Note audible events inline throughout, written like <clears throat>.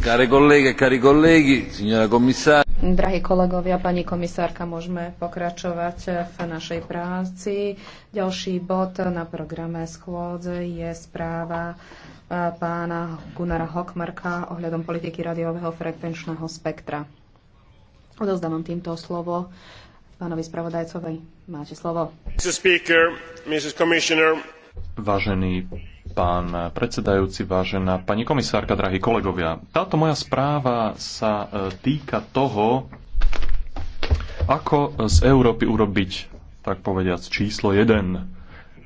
E Drahí kolegovia, pani komisárka, môžeme pokračovať v našej práci. Ďalší bod na programe schôdze je správa e, pána Gunara Hokmarka ohľadom politiky radiového frekvenčného spektra. Odozdávam týmto slovo pánovi spravodajcovi. Máte slovo. Mrs. Speaker, Mrs. Vážený pán predsedajúci, vážená pani komisárka, drahí kolegovia. Táto moja správa sa e, týka toho, ako z Európy urobiť, tak povediac, číslo 1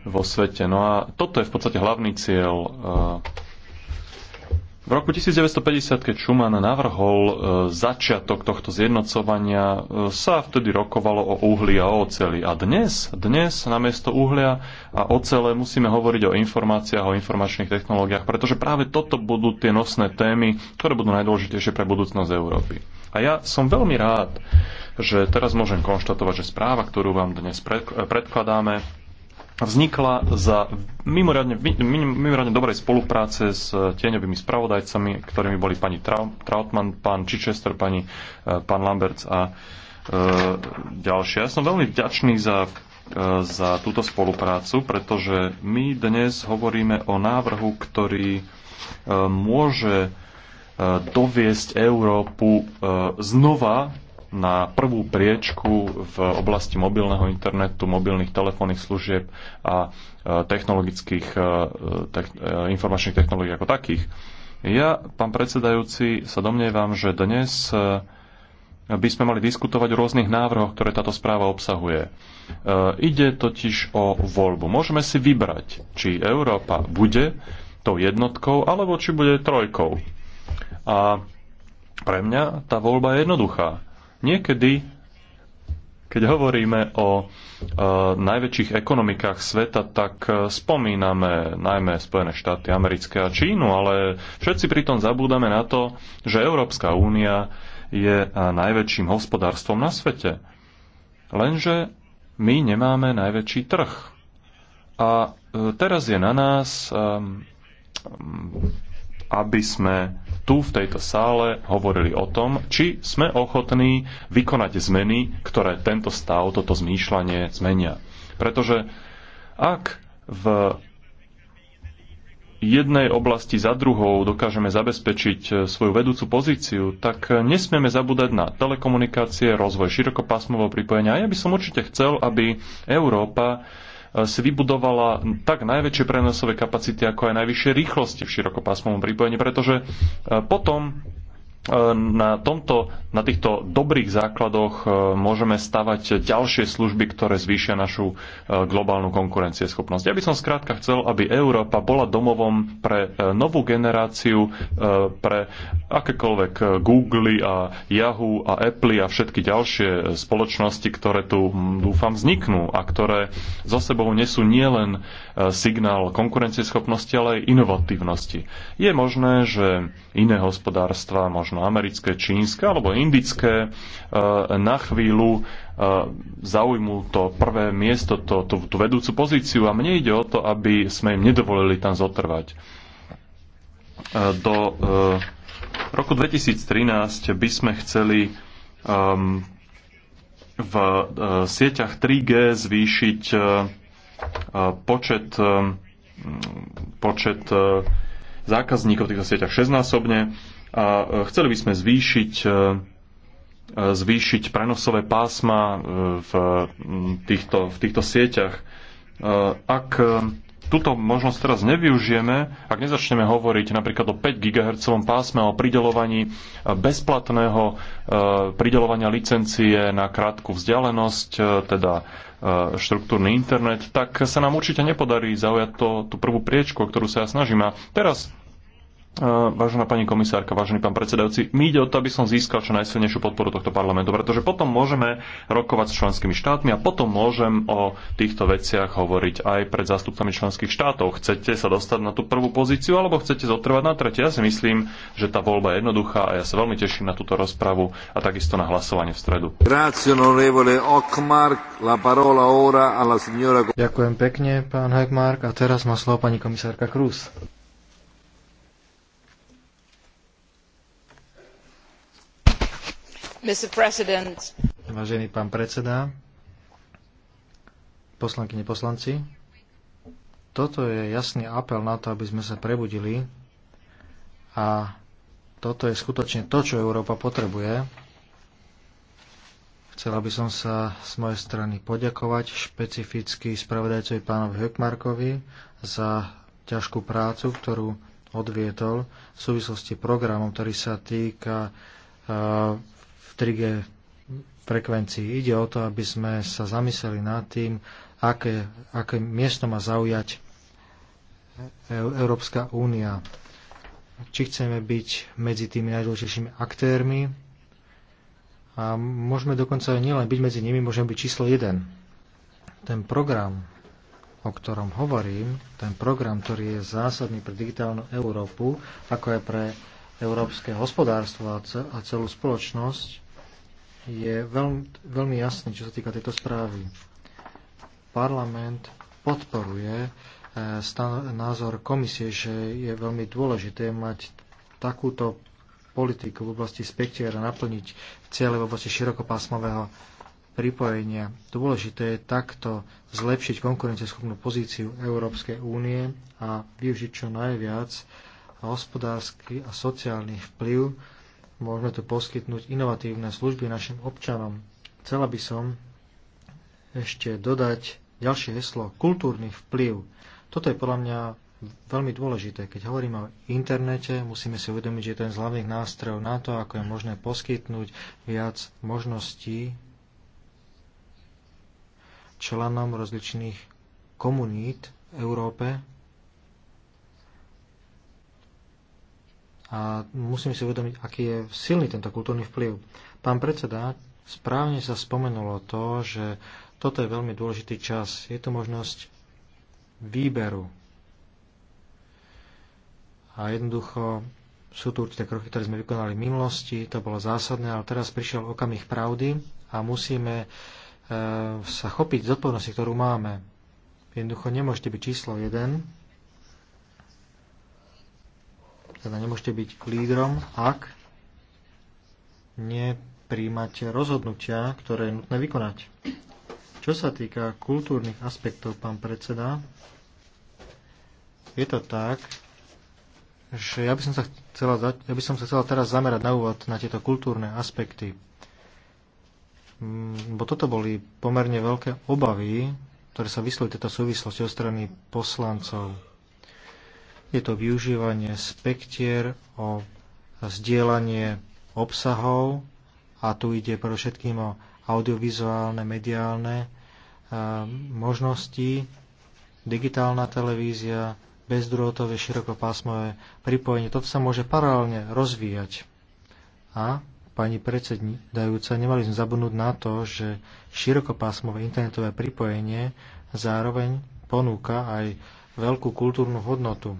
vo svete. No a toto je v podstate hlavný cieľ e, v roku 1950, keď Schumann navrhol e, začiatok tohto zjednocovania, e, sa vtedy rokovalo o uhli a o oceli. A dnes, dnes namiesto uhlia a ocele musíme hovoriť o informáciách, o informačných technológiách, pretože práve toto budú tie nosné témy, ktoré budú najdôležitejšie pre budúcnosť Európy. A ja som veľmi rád, že teraz môžem konštatovať, že správa, ktorú vám dnes predkladáme, vznikla za mimoriadne, mimoriadne dobrej spolupráce s tieňovými spravodajcami, ktorými boli pani Trautmann, pán Chichester, pani, eh, pán Lamberts a e, ďalšie. Ja som veľmi vďačný za, e, za túto spoluprácu, pretože my dnes hovoríme o návrhu, ktorý e, môže e, doviesť Európu e, znova na prvú priečku v oblasti mobilného internetu, mobilných telefónnych služieb a e, technologických, e, tech, e, informačných technológií ako takých. Ja, pán predsedajúci, sa domnievam, že dnes by sme mali diskutovať o rôznych návrhoch, ktoré táto správa obsahuje. E, ide totiž o voľbu. Môžeme si vybrať, či Európa bude tou jednotkou, alebo či bude trojkou. A pre mňa tá voľba je jednoduchá. Niekedy, keď hovoríme o e, najväčších ekonomikách sveta, tak e, spomíname najmä Spojené štáty americké a Čínu, ale všetci pritom zabúdame na to, že Európska únia je e, najväčším hospodárstvom na svete. Lenže my nemáme najväčší trh. A e, teraz je na nás, aby sme tu v tejto sále hovorili o tom, či sme ochotní vykonať zmeny, ktoré tento stav, toto zmýšľanie zmenia. Pretože ak v jednej oblasti za druhou dokážeme zabezpečiť e, svoju vedúcu pozíciu, tak e, nesmieme zabúdať na telekomunikácie, rozvoj širokopásmového pripojenia. A ja by som určite chcel, aby Európa si vybudovala tak najväčšie prenosové kapacity, ako aj najvyššie rýchlosti v širokopásmovom pripojení, pretože e, potom e, na tomto na týchto dobrých základoch e, môžeme stavať ďalšie služby, ktoré zvýšia našu e, globálnu konkurencieschopnosť. Ja by som skrátka chcel, aby Európa bola domovom pre e, novú generáciu, pre akékoľvek Google a Yahoo a Apple a všetky ďalšie spoločnosti, ktoré tu dúfam vzniknú a ktoré zo sebou nesú nielen signál konkurencieschopnosti, ale aj inovatívnosti. Je možné, že iné hospodárstva, možno americké, čínske alebo iné, indické e, na chvíľu e, zaujmú to prvé miesto, to, tú, tú vedúcu pozíciu a mne ide o to, aby sme im nedovolili tam zotrvať. E, do roku 2013 by sme chceli v sieťach 3G zvýšiť počet, počet zákazníkov v týchto sieťach 6 a chceli by sme zvýšiť zvýšiť prenosové pásma e, v týchto, v týchto sieťach. E, ak e, túto možnosť teraz nevyužijeme, ak nezačneme hovoriť napríklad o 5 GHz pásme o pridelovaní bezplatného pridelovania licencie na krátku vzdialenosť, teda štruktúrny internet, tak sa nám určite nepodarí zaujať to, tú prvú priečku, o ktorú sa ja snažím. A teraz E, vážená pani komisárka, vážený pán predsedajúci, mi ide o to, aby som získal čo najsilnejšiu podporu tohto parlamentu, pretože potom môžeme rokovať s členskými štátmi a potom môžem o týchto veciach hovoriť aj pred zástupcami členských štátov. Chcete sa dostať na tú prvú pozíciu alebo chcete zotrvať na tretie? Ja si myslím, že tá voľba je jednoduchá a ja sa veľmi teším na túto rozpravu a takisto na hlasovanie v stredu. Ďakujem pekne, pán Hekmark. A teraz má slovo pani komisárka Krús. Vážený pán predseda, poslankyne, poslanci, toto je jasný apel na to, aby sme sa prebudili a toto je skutočne to, čo Európa potrebuje. Chcela by som sa z mojej strany poďakovať špecificky spravodajcovi pánovi Hökmarkovi za ťažkú prácu, ktorú odvietol v súvislosti programom, ktorý sa týka eh, 3G frekvencii. Ide o to, aby sme sa zamysleli nad tým, aké, aké miesto má zaujať Európska únia. Či chceme byť medzi tými najdôležitejšími aktérmi a môžeme dokonca nielen byť medzi nimi, môžeme byť číslo jeden. Ten program, o ktorom hovorím, ten program, ktorý je zásadný pre digitálnu Európu, ako aj pre európske hospodárstvo a celú spoločnosť, je veľmi, veľmi jasný, čo sa týka tejto správy. Parlament podporuje e, názor komisie, že je veľmi dôležité mať takúto politiku v oblasti spektiera, naplniť cieľe v oblasti širokopásmového pripojenia. Dôležité je takto zlepšiť konkurenceschopnú pozíciu Európskej únie a využiť čo najviac hospodársky a sociálny vplyv Môžeme tu poskytnúť inovatívne služby našim občanom. Chcela by som ešte dodať ďalšie heslo kultúrny vplyv. Toto je podľa mňa veľmi dôležité. Keď hovoríme o internete, musíme si uvedomiť, že je to jeden z hlavných nástrojov na to, ako je možné poskytnúť viac možností členom rozličných komunít v Európe, a musím si uvedomiť, aký je silný tento kultúrny vplyv. Pán predseda, správne sa spomenulo to, že toto je veľmi dôležitý čas. Je to možnosť výberu. A jednoducho sú tu určité kroky, ktoré sme vykonali v minulosti, to bolo zásadné, ale teraz prišiel okamih pravdy a musíme e, sa chopiť zodpovednosti, ktorú máme. Jednoducho nemôžete byť číslo jeden. Teda nemôžete byť lídrom, ak nepríjmate rozhodnutia, ktoré je nutné vykonať. Čo sa týka kultúrnych aspektov, pán predseda, je to tak, že ja by som sa chcela, ja by som sa chcela teraz zamerať na úvod na tieto kultúrne aspekty. Mm, bo toto boli pomerne veľké obavy, ktoré sa vyslili tieto súvislosti od strany poslancov. Je to využívanie spektier o zdieľanie obsahov a tu ide pre všetkým o audiovizuálne, mediálne e, možnosti, digitálna televízia, bezdrôtové, širokopásmové pripojenie. Toto sa môže paralelne rozvíjať. A pani predsedajúca, nemali sme zabudnúť na to, že širokopásmové internetové pripojenie zároveň ponúka aj veľkú kultúrnu hodnotu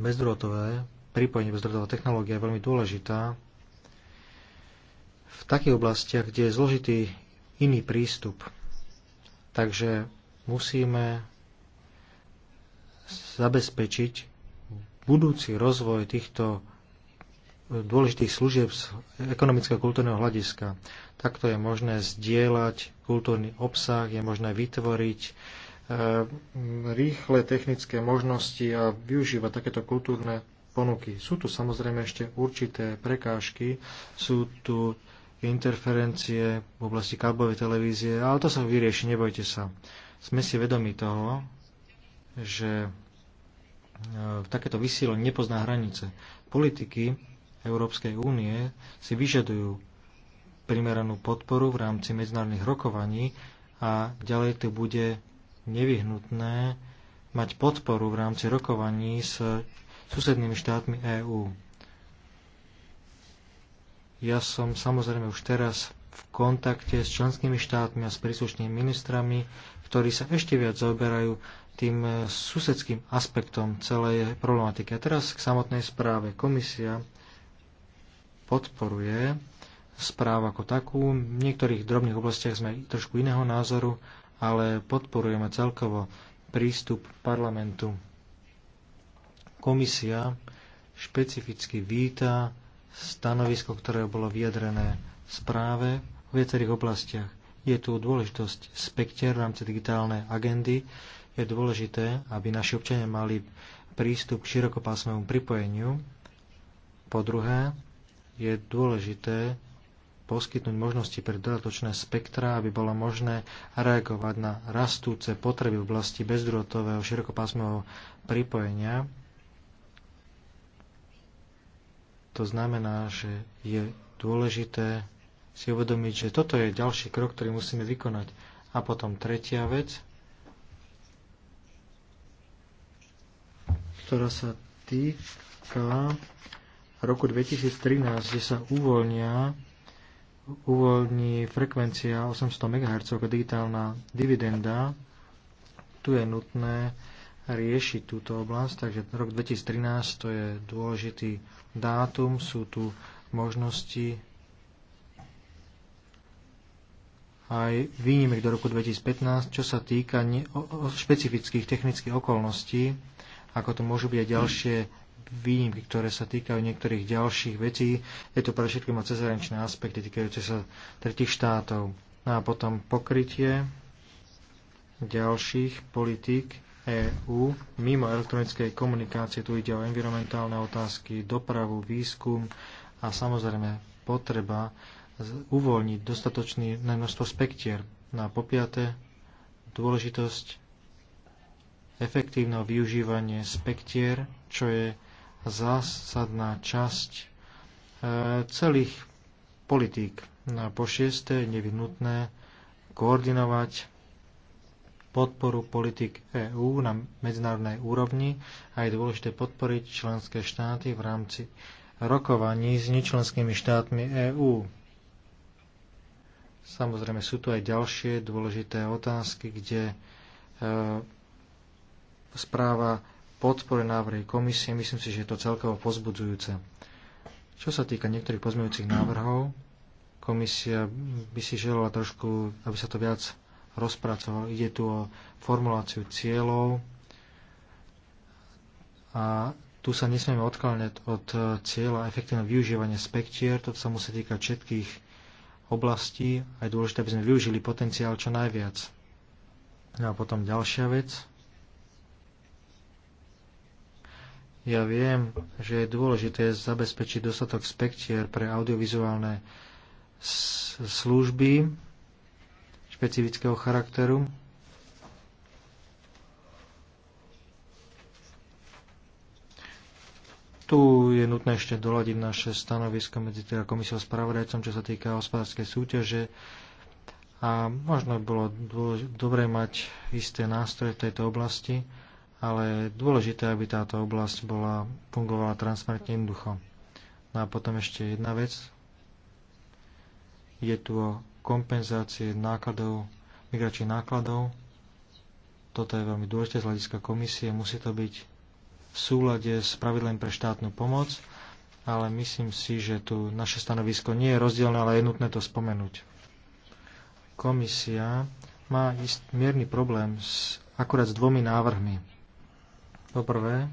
bezdrôtové, pripojenie bezdrôtová technológia je veľmi dôležitá v takých oblastiach, kde je zložitý iný prístup. Takže musíme zabezpečiť budúci rozvoj týchto dôležitých služieb z ekonomického a kultúrneho hľadiska. Takto je možné zdieľať kultúrny obsah, je možné vytvoriť Ehm, rýchle technické možnosti a využíva takéto kultúrne ponuky. Sú tu samozrejme ešte určité prekážky, sú tu interferencie v oblasti káblovej televízie, ale to sa vyrieši, nebojte sa. Sme si vedomi toho, že e, takéto vysielanie nepozná hranice. Politiky Európskej únie si vyžadujú primeranú podporu v rámci medzinárodných rokovaní a ďalej tu bude nevyhnutné mať podporu v rámci rokovaní s susednými štátmi EÚ. Ja som samozrejme už teraz v kontakte s členskými štátmi a s príslušnými ministrami, ktorí sa ešte viac zaoberajú tým susedským aspektom celej problematiky. A teraz k samotnej správe. Komisia podporuje správu ako takú. V niektorých drobných oblastiach sme trošku iného názoru, ale podporujeme celkovo prístup parlamentu. Komisia špecificky víta stanovisko, ktoré bolo vyjadrené v správe v viacerých oblastiach. Je tu dôležitosť spekter v rámci digitálnej agendy. Je dôležité, aby naši občania mali prístup k širokopásmovému pripojeniu. Po druhé, je dôležité poskytnúť možnosti pre dodatočné spektra, aby bolo možné reagovať na rastúce potreby v oblasti bezdrôtového širokopásmového pripojenia. To znamená, že je dôležité si uvedomiť, že toto je ďalší krok, ktorý musíme vykonať. A potom tretia vec, ktorá sa týka roku 2013, kde sa uvoľnia uvoľní frekvencia 800 MHz ako digitálna dividenda, tu je nutné riešiť túto oblasť, takže rok 2013 to je dôležitý dátum, sú tu možnosti aj výnimek do roku 2015, čo sa týka špecifických technických okolností, ako to môžu byť aj ďalšie výnimky, ktoré sa týkajú niektorých ďalších vecí. Je to pre všetkým o cezhraničné aspekty týkajúce sa tretich štátov. No a potom pokrytie ďalších politík EÚ mimo elektronickej komunikácie. Tu ide o environmentálne otázky, dopravu, výskum a samozrejme potreba uvoľniť dostatočný množstvo spektier. Na no popiate dôležitosť efektívneho využívania spektier, čo je zásadná časť e, celých politík. No a po šiesté je nevyhnutné koordinovať podporu politik EÚ na medzinárodnej úrovni a je dôležité podporiť členské štáty v rámci rokovaní s nečlenskými štátmi EÚ. Samozrejme sú tu aj ďalšie dôležité otázky, kde e, správa podpore návrhy komisie, myslím si, že je to celkovo pozbudzujúce. Čo sa týka niektorých pozmeňujúcich návrhov, komisia by si želala trošku, aby sa to viac rozpracovalo. Ide tu o formuláciu cieľov a tu sa nesmieme odkláňať od cieľa efektívne využívania spektier, to sa musí týkať všetkých oblastí a je dôležité, aby sme využili potenciál čo najviac. No a potom ďalšia vec. Ja viem, že je dôležité zabezpečiť dostatok spektier pre audiovizuálne služby špecifického charakteru. Tu je nutné ešte doladiť naše stanovisko medzi teda komisiou a spravodajcom, čo sa týka hospodárskej súťaže. A možno by bolo dobre mať isté nástroje v tejto oblasti ale je dôležité, aby táto oblasť bola, fungovala transparentne jednoducho. No a potom ešte jedna vec. Je tu o kompenzácie nákladov, migračných nákladov. Toto je veľmi dôležité z hľadiska komisie. Musí to byť v súlade s pravidlem pre štátnu pomoc, ale myslím si, že tu naše stanovisko nie je rozdielne, ale je nutné to spomenúť. Komisia má mierny problém s, akurát s dvomi návrhmi Poprvé,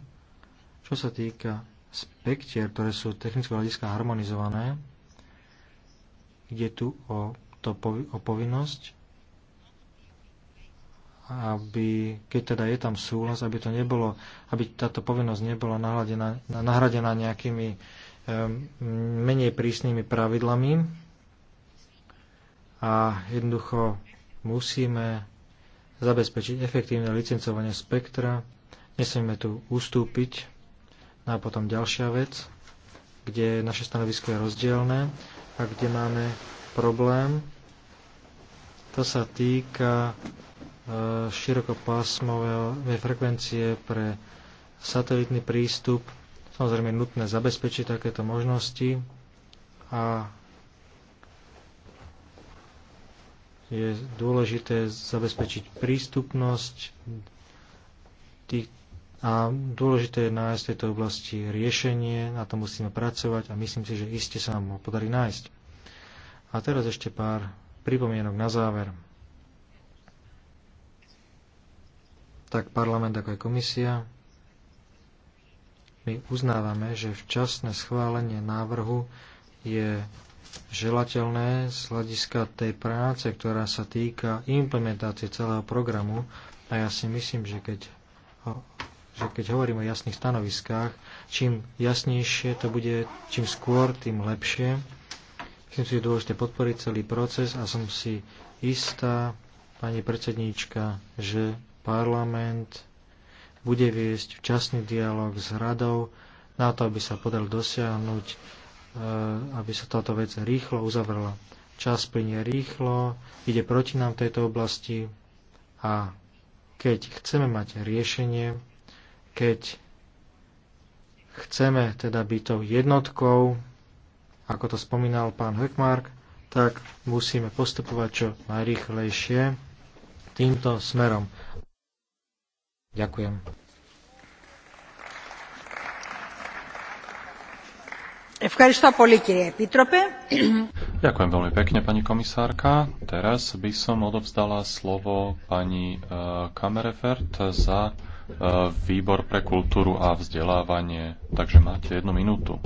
čo sa týka spektier, ktoré sú technického hľadiska harmonizované, ide tu o, to, o povinnosť, aby, keď teda je tam súhlas, aby to nebolo, aby táto povinnosť nebola nahradená, nahradená nejakými um, menej prísnymi pravidlami. A jednoducho musíme zabezpečiť efektívne licencovanie spektra, Nesmieme tu ustúpiť. No a potom ďalšia vec, kde naše stanovisko je rozdielne a kde máme problém. To sa týka e, širokopásmové frekvencie pre satelitný prístup. Samozrejme je nutné zabezpečiť takéto možnosti a je dôležité zabezpečiť prístupnosť tých, a dôležité je nájsť v tejto oblasti riešenie, na to musíme pracovať a myslím si, že iste sa nám ho podarí nájsť. A teraz ešte pár pripomienok na záver. Tak parlament ako aj komisia my uznávame, že včasné schválenie návrhu je želateľné z hľadiska tej práce, ktorá sa týka implementácie celého programu a ja si myslím, že keď že keď hovorím o jasných stanoviskách, čím jasnejšie to bude, čím skôr, tým lepšie. Myslím si, že je dôležité podporiť celý proces a som si istá, pani predsedníčka, že parlament bude viesť včasný dialog s radou na to, aby sa podal dosiahnuť, eh, aby sa táto vec rýchlo uzavrela. Čas plynie rýchlo, ide proti nám v tejto oblasti a keď chceme mať riešenie, keď chceme teda byť tou jednotkou, ako to spomínal pán Hökmark, tak musíme postupovať čo najrýchlejšie týmto smerom. Ďakujem. Ďakujem veľmi pekne, pani komisárka. Teraz by som odovzdala slovo pani eh, Kamerefert za výbor pre kultúru a vzdelávanie. Takže máte jednu minútu.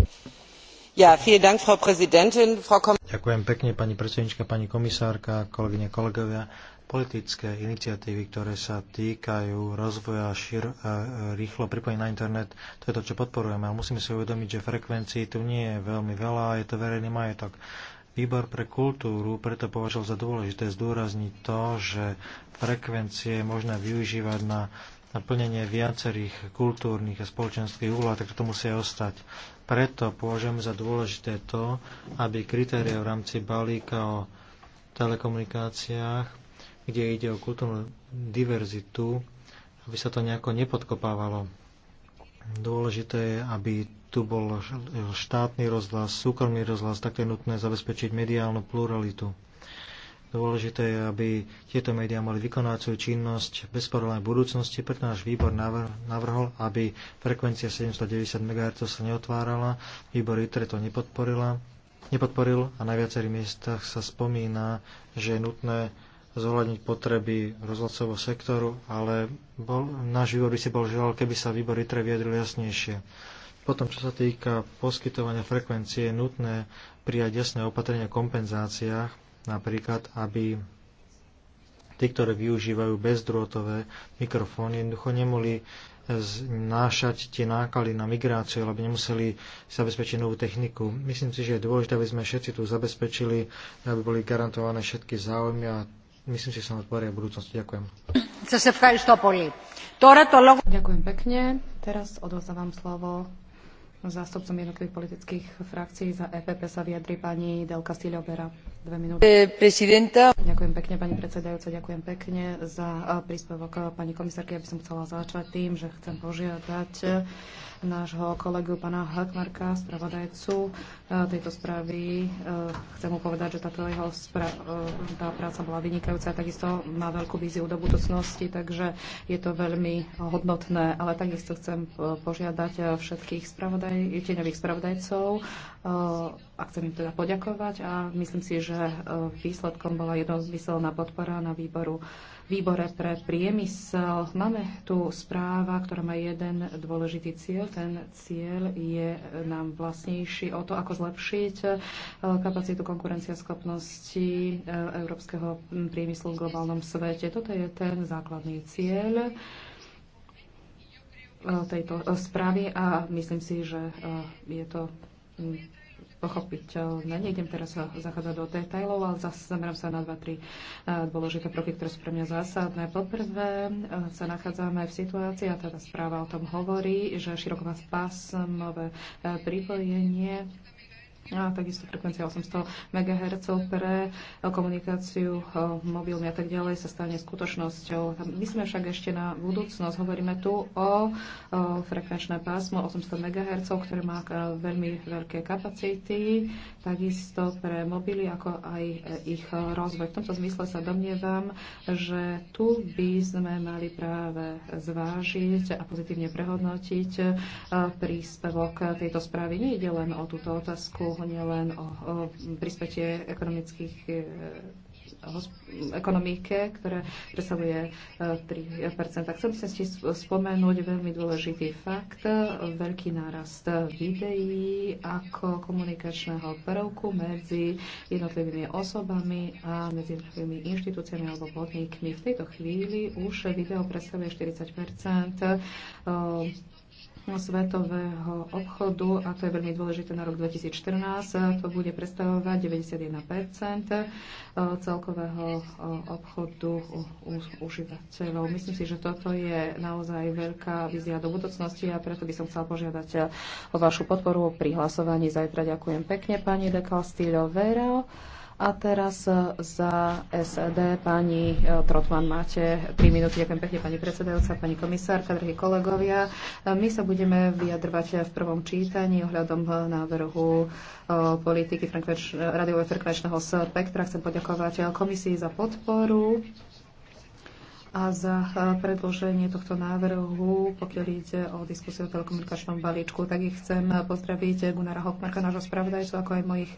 Ja, Dank, Frau Frau Kom- Ďakujem pekne, pani predsednička, pani komisárka, kolegyne, kolegovia. Politické iniciatívy, ktoré sa týkajú rozvoja šir, e, rýchlo pripojení na internet, to je to, čo podporujeme. Ale musíme si uvedomiť, že frekvencií tu nie je veľmi veľa, je to verejný majetok. Výbor pre kultúru preto považoval za dôležité zdôrazniť to, že frekvencie je možné využívať na na plnenie viacerých kultúrnych a spoločenských úloh, tak to musí ostať. Preto považujem za dôležité to, aby kritéria v rámci balíka o telekomunikáciách, kde ide o kultúrnu diverzitu, aby sa to nejako nepodkopávalo. Dôležité je, aby tu bol štátny rozhlas, súkromný rozhlas, tak je nutné zabezpečiť mediálnu pluralitu. Dôležité je, aby tieto médiá mali svoju činnosť bez problémov budúcnosti, preto náš výbor navrhol, aby frekvencia 790 MHz sa neotvárala, výbor ITRE to nepodporila, nepodporil a na viacerých miestach sa spomína, že je nutné zohľadniť potreby rozhlasového sektoru, ale bol, náš výbor by si bol želal, keby sa výbor ITRE vyjadril jasnejšie. Potom, čo sa týka poskytovania frekvencie, je nutné prijať jasné opatrenia o kompenzáciách, Napríklad, aby tí, ktorí využívajú bezdrôtové mikrofóny, jednoducho nemohli znášať tie náklady na migráciu, alebo nemuseli zabezpečiť novú techniku. Myslím si, že je dôležité, aby sme všetci tu zabezpečili, aby boli garantované všetky záujmy a myslím si, že som otvoria v budúcnosti. Ďakujem. Ďakujem pekne. Teraz odovzdávam slovo zástupcom jednotlivých politických frakcií za EPP sa vyjadri pani Delka Stýľovera. Dve minúty. Eh, Prezidenta. Ďakujem pekne, pani predsedajúca, ďakujem pekne za eh, príspevok eh, pani komisárky. Ja by som chcela začať tým, že chcem požiadať nášho kolegu pana Hakmarka, spravodajcu e, tejto správy. E, chcem mu povedať, že táto jeho e, tá práca bola vynikajúca a takisto má veľkú víziu do budúcnosti, takže je to veľmi hodnotné. Ale takisto chcem požiadať všetkých spravodaj, tieňových spravodajcov a chcem im teda poďakovať a myslím si, že výsledkom bola jednozmyselná podpora na výboru výbore pre priemysel. Máme tu správa, ktorá má jeden dôležitý cieľ. Ten cieľ je nám vlastnejší o to, ako zlepšiť eh, kapacitu konkurenciaschopnosti eh, európskeho priemyslu v globálnom svete. Toto je ten základný cieľ eh, tejto správy a myslím si, že je to hm, pochopiť pochopiteľné. Nejdem teraz zachádzať do detajlov, ale zase zamerám sa na dva, tri eh, dôležité prvky, ktoré sú pre mňa zásadné. Poprvé eh, sa nachádzame v situácii, a teda správa o tom hovorí, že širokopásmové eh, pripojenie a takisto frekvencia 800 MHz pre komunikáciu eh, mobilmi a tak ďalej sa stane skutočnosťou. My sme však ešte na budúcnosť. Hovoríme tu o eh, frekvenčné pásmo 800 MHz, ktoré má eh, veľmi veľké kapacity, takisto pre mobily, ako aj ich rozvoj. V tomto zmysle sa domnievam, že tu by sme mali práve zvážiť a pozitívne prehodnotiť príspevok tejto správy. Nie ide len o túto otázku nie len o, o prispätie ekonomických e, ekonomike, ktoré presahuje 3 Chcem sa si spomenúť veľmi dôležitý fakt, veľký nárast videí ako komunikačného prvku medzi jednotlivými osobami a medzi jednotlivými inštitúciami alebo podnikmi. V tejto chvíli už video predstavuje 40 svetového obchodu, a to je veľmi dôležité na rok 2014, to bude predstavovať 91 e, celkového e, obchodu užívateľov. Myslím si, že toto je naozaj veľká vízia do budúcnosti a preto by som chcel požiadať e, o vašu podporu pri hlasovaní zajtra. Ďakujem pekne, pani de Castillo Vero. A teraz e, za SED pani e, Trotman máte 3 minúty. Ďakujem pekne pani predsedajúca, pani komisárka, drahí kolegovia. E, my sa budeme vyjadrovať v prvom čítaní ohľadom návrhu politiky radiového frekvenčného spektra. Chcem poďakovať komisii za podporu a za e, predloženie tohto návrhu, pokiaľ ide o diskusiu o telekomunikačnom balíčku. Tak ich chcem pozdraviť Gunara Hochmarka, nášho spravodajcu, ako aj mojich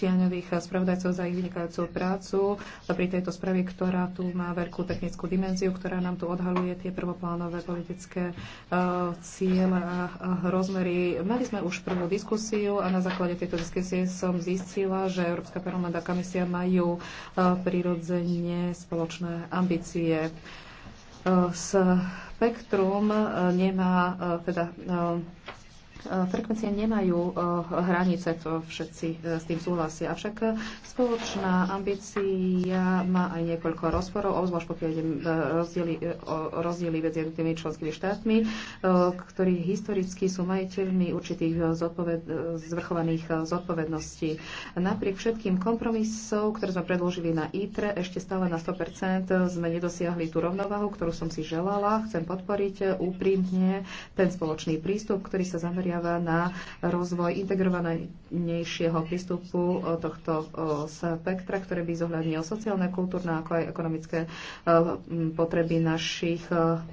tieňových spravodajcov za ich vynikajúcu prácu pri tejto sprave, ktorá tu má veľkú technickú dimenziu, ktorá nám tu odhaluje tie prvoplánové politické uh, ciele a rozmery. Mali sme už prvú diskusiu a na základe tejto diskusie som zistila, že Európska parlamentná komisia majú uh, prirodzene spoločné ambície. Spektrum e, nemá e, teda e, Eh, frekvencie nemajú eh, hranice, to všetci eh, s tým súhlasia. Avšak spoločná ambícia má aj niekoľko rozporov, obzvlášť pokiaľ ide rozdiely, rozdiely medzi jednotlivými členskými štátmi, ktorí historicky sú majiteľmi určitých zodpoved, zvrchovaných zodpovedností. Napriek všetkým kompromisov, ktoré sme predložili na ITRE, ešte stále na 100% sme nedosiahli tú rovnováhu, ktorú som si želala. Chcem podporiť úprimne ten spoločný prístup, ktorý sa zameria zameriava na rozvoj integrovanejšieho prístupu eh, tohto eh, spektra, ktoré by zohľadnil sociálne, kultúrne, ako aj ekonomické eh, potreby našich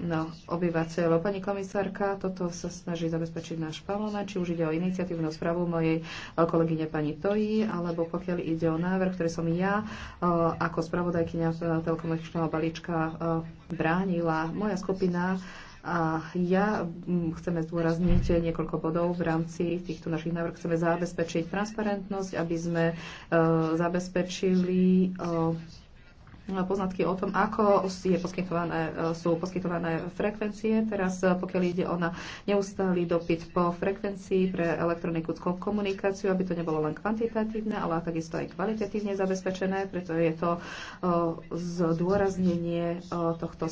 no, obyvateľov. Pani komisárka, toto sa snaží zabezpečiť náš parlament, či už ide o iniciatívnu správu mojej kolegyne pani Toji, alebo pokiaľ ide o návrh, ktorý som ja ako spravodajkyňa telekomunikačného balíčka bránila. Moja skupina a ja mm, chceme zdôrazniť niekoľko bodov v rámci týchto našich návrh. Chceme zabezpečiť transparentnosť, aby sme e, zabezpečili e, poznatky o tom, ako je poskytované, e, sú poskytované frekvencie. Teraz, pokiaľ ide o na neustály dopyt po frekvencii pre elektronickú komunikáciu, aby to nebolo len kvantitatívne, ale takisto aj kvalitatívne zabezpečené, preto je to zdôraznenie tohto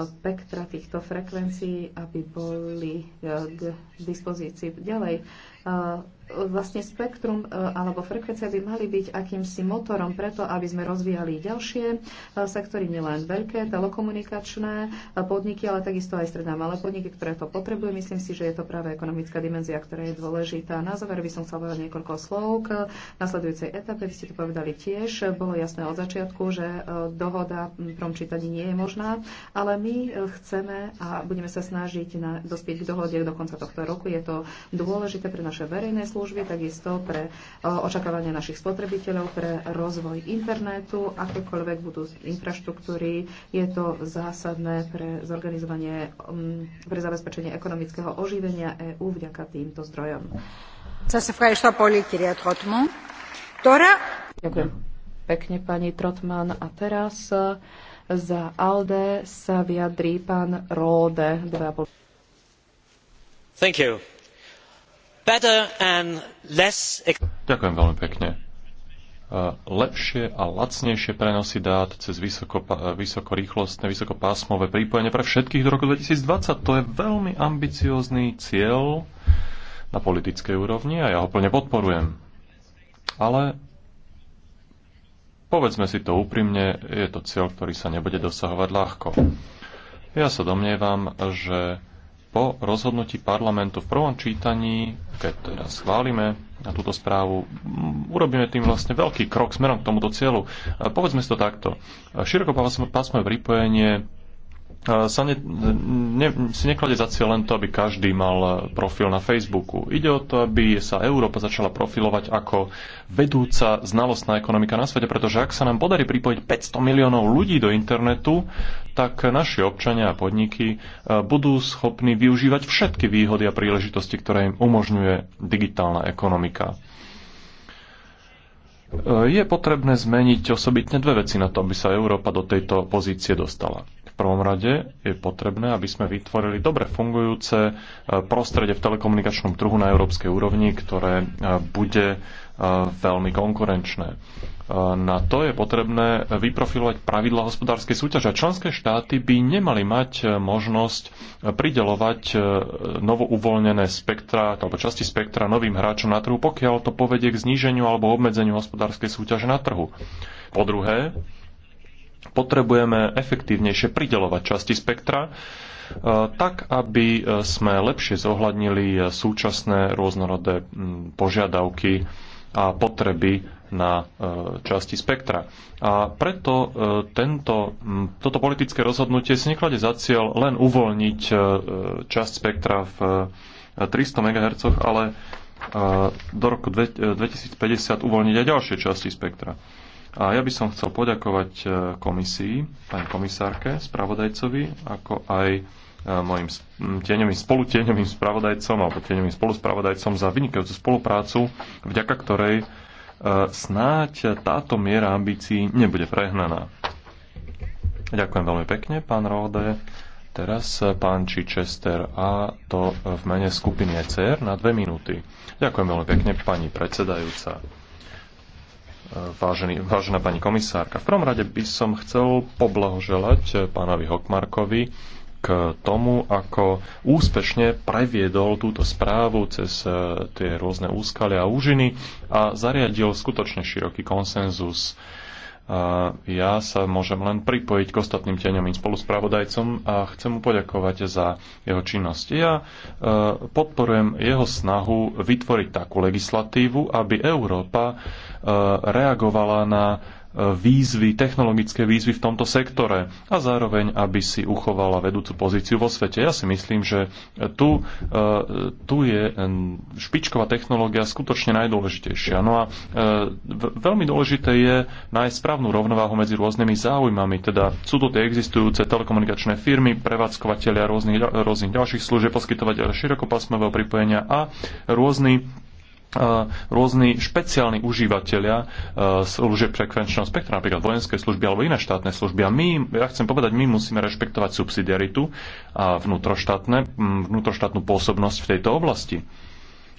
spektra týchto frekvencií, aby boli eh, k dispozícii. Ďalej, eh, vlastne spektrum e, alebo frekvencia by mali byť akýmsi motorom preto, aby sme rozvíjali ďalšie e, sektory, nielen veľké telekomunikačné e, podniky, ale takisto aj stredná malé podniky, ktoré to potrebujú. Myslím si, že je to práve ekonomická dimenzia, ktorá je dôležitá. Na záver by som chcel povedať niekoľko slov k nasledujúcej etape. Vy ste to povedali tiež. Bolo jasné od začiatku, že dohoda v prvom čítaní nie je možná, ale my chceme a budeme sa snažiť na, dospieť k dohode do konca tohto roku. Je to dôležité pre naše verejné služby služby, takisto pre očakávania našich spotrebiteľov, pre rozvoj internetu, akékoľvek budú infraštruktúry. Je to zásadné pre zorganizovanie, pre zabezpečenie ekonomického oživenia EÚ vďaka týmto zdrojom. Ďakujem pekne, pani Trotman. A teraz za ALDE sa vyjadrí pán Róde. Thank you. Ďakujem veľmi pekne. Lepšie a lacnejšie prenosy dát cez vysoko, e, vysokorýchlostné, vysokopásmové prípojenie pre všetkých do roku 2020. To je veľmi ambiciózny cieľ na politickej úrovni a ja ho plne podporujem. Ale povedzme si to úprimne, je to cieľ, ktorý sa nebude dosahovať ľahko. Ja sa domnievam, že po rozhodnutí parlamentu v prvom čítaní, keď teda schválime na túto správu, urobíme tým vlastne veľký krok smerom k tomuto cieľu. Povedzme si to takto. Širokopásmové pripojenie sa ne, ne, si nekladie za cieľ len to, aby každý mal e, profil na Facebooku. Ide o to, aby sa Európa začala profilovať ako vedúca znalostná ekonomika na svete, pretože ak sa nám podarí pripojiť 500 miliónov ľudí do internetu, tak naši občania a podniky e, budú schopní využívať všetky výhody a príležitosti, ktoré im umožňuje digitálna ekonomika. E, je potrebné zmeniť osobitne dve veci na to, aby sa Európa do tejto pozície dostala prvom rade je potrebné, aby sme vytvorili dobre fungujúce eh, prostredie v telekomunikačnom trhu na európskej úrovni, ktoré eh, bude eh, veľmi konkurenčné. Na to je potrebné vyprofilovať pravidla hospodárskej súťaže. A členské štáty by nemali mať možnosť pridelovať novo uvoľnené spektra alebo časti spektra novým hráčom na trhu, pokiaľ to povedie k zníženiu alebo obmedzeniu hospodárskej súťaže na trhu. Po druhé, potrebujeme efektívnejšie pridelovať časti spektra, e, tak aby e, sme lepšie zohľadnili e, súčasné rôznorodé požiadavky a potreby na časti spektra. A preto tento, toto politické rozhodnutie si neklade za cieľ len uvoľniť časť spektra v 300 MHz, ale do roku 2050 uvoľniť aj ďalšie časti spektra. A ja by som chcel poďakovať e, komisii, pani komisárke, spravodajcovi, ako aj e, mojim tieňovým, spolutieňovým spravodajcom alebo tieňovým spoluspravodajcom za vynikajúcu spoluprácu, vďaka ktorej e, snáď táto miera ambícií nebude prehnaná. Ďakujem veľmi pekne, pán Rode. Teraz pán Čičester a to v mene skupiny ECR na dve minúty. Ďakujem veľmi pekne, pani predsedajúca vážený, vážená pani komisárka. V prvom rade by som chcel poblahoželať eh, pánovi Hokmarkovi k tomu, ako úspešne previedol túto správu cez eh, tie rôzne úskalia a úžiny a zariadil skutočne široký konsenzus ja sa môžem len pripojiť k ostatným tieňovým spoluspravodajcom a chcem mu poďakovať za jeho činnosť. Ja e, podporujem jeho snahu vytvoriť takú legislatívu, aby Európa e, reagovala na výzvy, technologické výzvy v tomto sektore a zároveň, aby si uchovala vedúcu pozíciu vo svete. Ja si myslím, že tu, e, tu je špičková technológia skutočne najdôležitejšia. No a e, veľmi dôležité je nájsť správnu rovnováhu medzi rôznymi záujmami. Teda sú tu tie existujúce telekomunikačné firmy, prevádzkovateľia rôznych, rôznych ďalších služieb, poskytovateľia širokopásmového pripojenia a rôzny rôzni špeciálni užívateľia e, služieb frekvenčného spektra, napríklad vojenské služby alebo iné štátne služby. A my, ja chcem povedať, my musíme rešpektovať subsidiaritu a vnútroštátne, vnútroštátnu pôsobnosť v tejto oblasti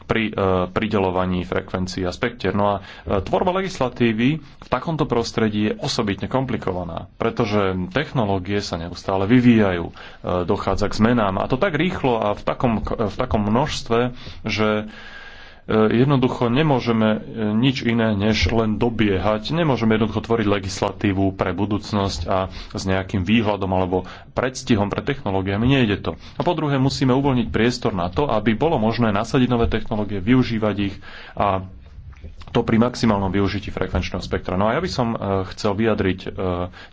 pri e, pridelovaní frekvencií a spektier. No a e, tvorba legislatívy v takomto prostredí je osobitne komplikovaná, pretože technológie sa neustále vyvíjajú, dochádza k zmenám a to tak rýchlo a v takom, v takom množstve, že E, jednoducho nemôžeme e, nič iné, než len dobiehať. Nemôžeme jednoducho tvoriť legislatívu pre budúcnosť a s nejakým výhľadom alebo predstihom pre technológiami. Nejde to. A po druhé, musíme uvoľniť priestor na to, aby bolo možné nasadiť nové technológie, využívať ich a to pri maximálnom využití frekvenčného spektra. No a ja by som e, chcel vyjadriť e,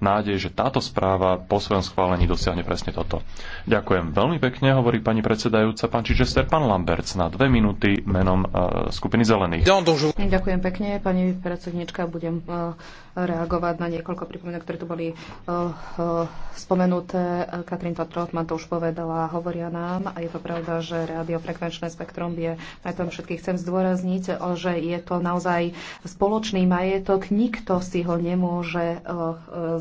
nádej, že táto správa po svojom schválení dosiahne presne toto. Ďakujem veľmi pekne, hovorí pani predsedajúca, pán Čičester, pán Lamberts na dve minúty menom e, skupiny zelených. Ďakujem pekne, pani predsednička, budem reagovať na niekoľko pripomienok, ktoré tu boli spomenuté. Katrin ma to už povedala, hovoria nám a je to pravda, že radiofrekvenčné spektrum je na tom všetkých. Chcem zdôrazniť, že je to naozaj naozaj spoločný majetok, nikto si ho nemôže eh,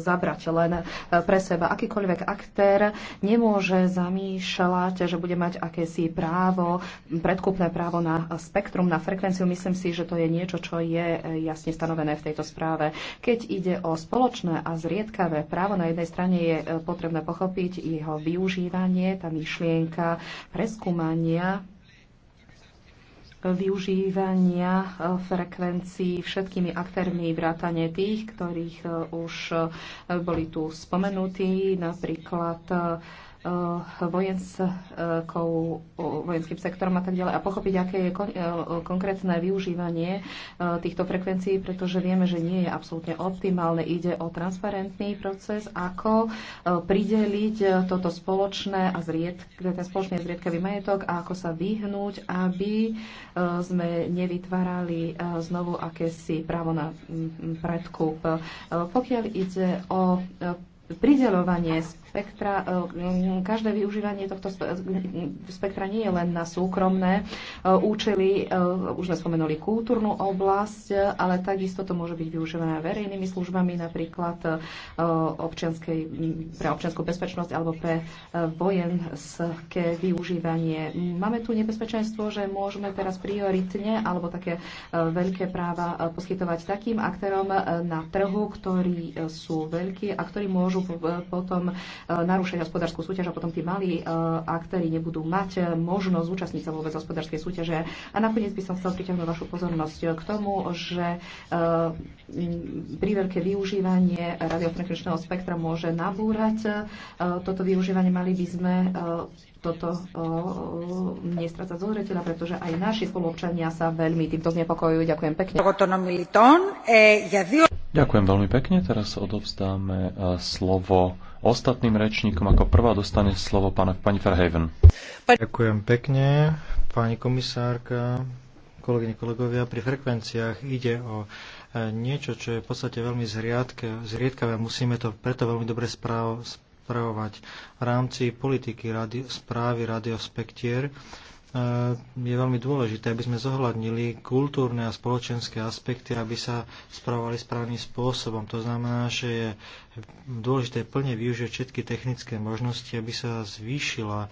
zabrať len eh, pre seba. Akýkoľvek aktér nemôže zamýšľať, že bude mať akési právo, predkupné právo na spektrum, na frekvenciu. Myslím si, že to je niečo, čo je eh, jasne stanovené v tejto správe. Keď ide o spoločné a zriedkavé právo, na jednej strane je potrebné pochopiť jeho využívanie, tá myšlienka preskúmania využívania e, frekvencií všetkými aktérmi vrátane tých, ktorých e, už e, boli tu spomenutí, napríklad Eh, vojenskou, vojenským sektorom a tak ďalej a pochopiť, aké je eh, konkrétne využívanie eh, týchto frekvencií, pretože vieme, že nie je absolútne optimálne. Ide o transparentný proces, ako prideliť toto spoločné a zried, ten teda spoločný a zriedkavý majetok a ako sa vyhnúť, aby sme nevytvárali znovu akési právo na mm, mm, predkup. Pokiaľ ide o prideľovanie spektra, eh, každé využívanie tohto eh, spektra nie je len na súkromné eh, účely, už sme spomenuli kultúrnu oblasť, ale takisto to môže byť využívané verejnými službami, napríklad pre občianskú bezpečnosť alebo pre vojenské využívanie. Máme tu nebezpečenstvo, že môžeme teraz prioritne alebo také veľké práva poskytovať takým aktérom na trhu, ktorí sú veľkí a ktorí môžu potom Eh, narušiť hospodárskú súťaž a potom tí malí eh, aktéry nebudú mať eh, možnosť zúčastniť sa vôbec hospodárskej súťaže. A nakoniec by som chcel priťahnuť vašu pozornosť k tomu, že pri veľké využívanie radiofrekvenčného spektra môže nabúrať toto využívanie. Mali by sme toto nestrácať zozreteľa, pretože aj naši spoluobčania sa veľmi týmto znepokojujú. Ďakujem pekne. Ďakujem veľmi pekne. Teraz odovzdáme slovo ostatným rečníkom. Ako prvá dostane slovo pána, pani Verhaven. Ďakujem pekne, pani komisárka, kolegyne, kolegovia. Pri frekvenciách ide o e, niečo, čo je v podstate veľmi zriedkavé. Musíme to preto veľmi dobre správovať v rámci politiky radio, správy radiospektier je veľmi dôležité, aby sme zohľadnili kultúrne a spoločenské aspekty, aby sa správali správnym spôsobom. To znamená, že je dôležité plne využiť všetky technické možnosti, aby sa zvýšila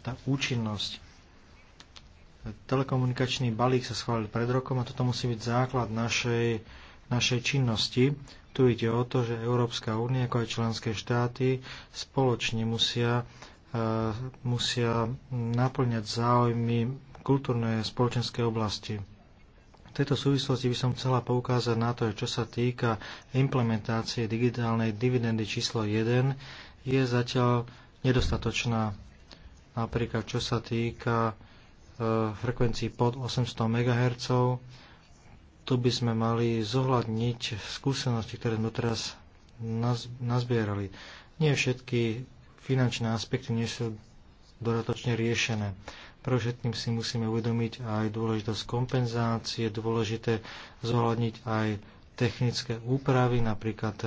tá účinnosť. Telekomunikačný balík sa schválil pred rokom a toto musí byť základ našej, našej činnosti. Tu ide o to, že Európska únia, ako aj členské štáty, spoločne musia E, musia naplňať záujmy kultúrnej a spoločenskej oblasti. V tejto súvislosti by som chcela poukázať na to, čo sa týka implementácie digitálnej dividendy číslo 1, je zatiaľ nedostatočná. Napríklad, čo sa týka e, frekvencií pod 800 MHz, tu by sme mali zohľadniť skúsenosti, ktoré sme teraz nazbierali. Nie všetky finančné aspekty nie sú dodatočne riešené. Pre všetkým si musíme uvedomiť aj dôležitosť kompenzácie, dôležité zohľadniť aj technické úpravy, napríklad e,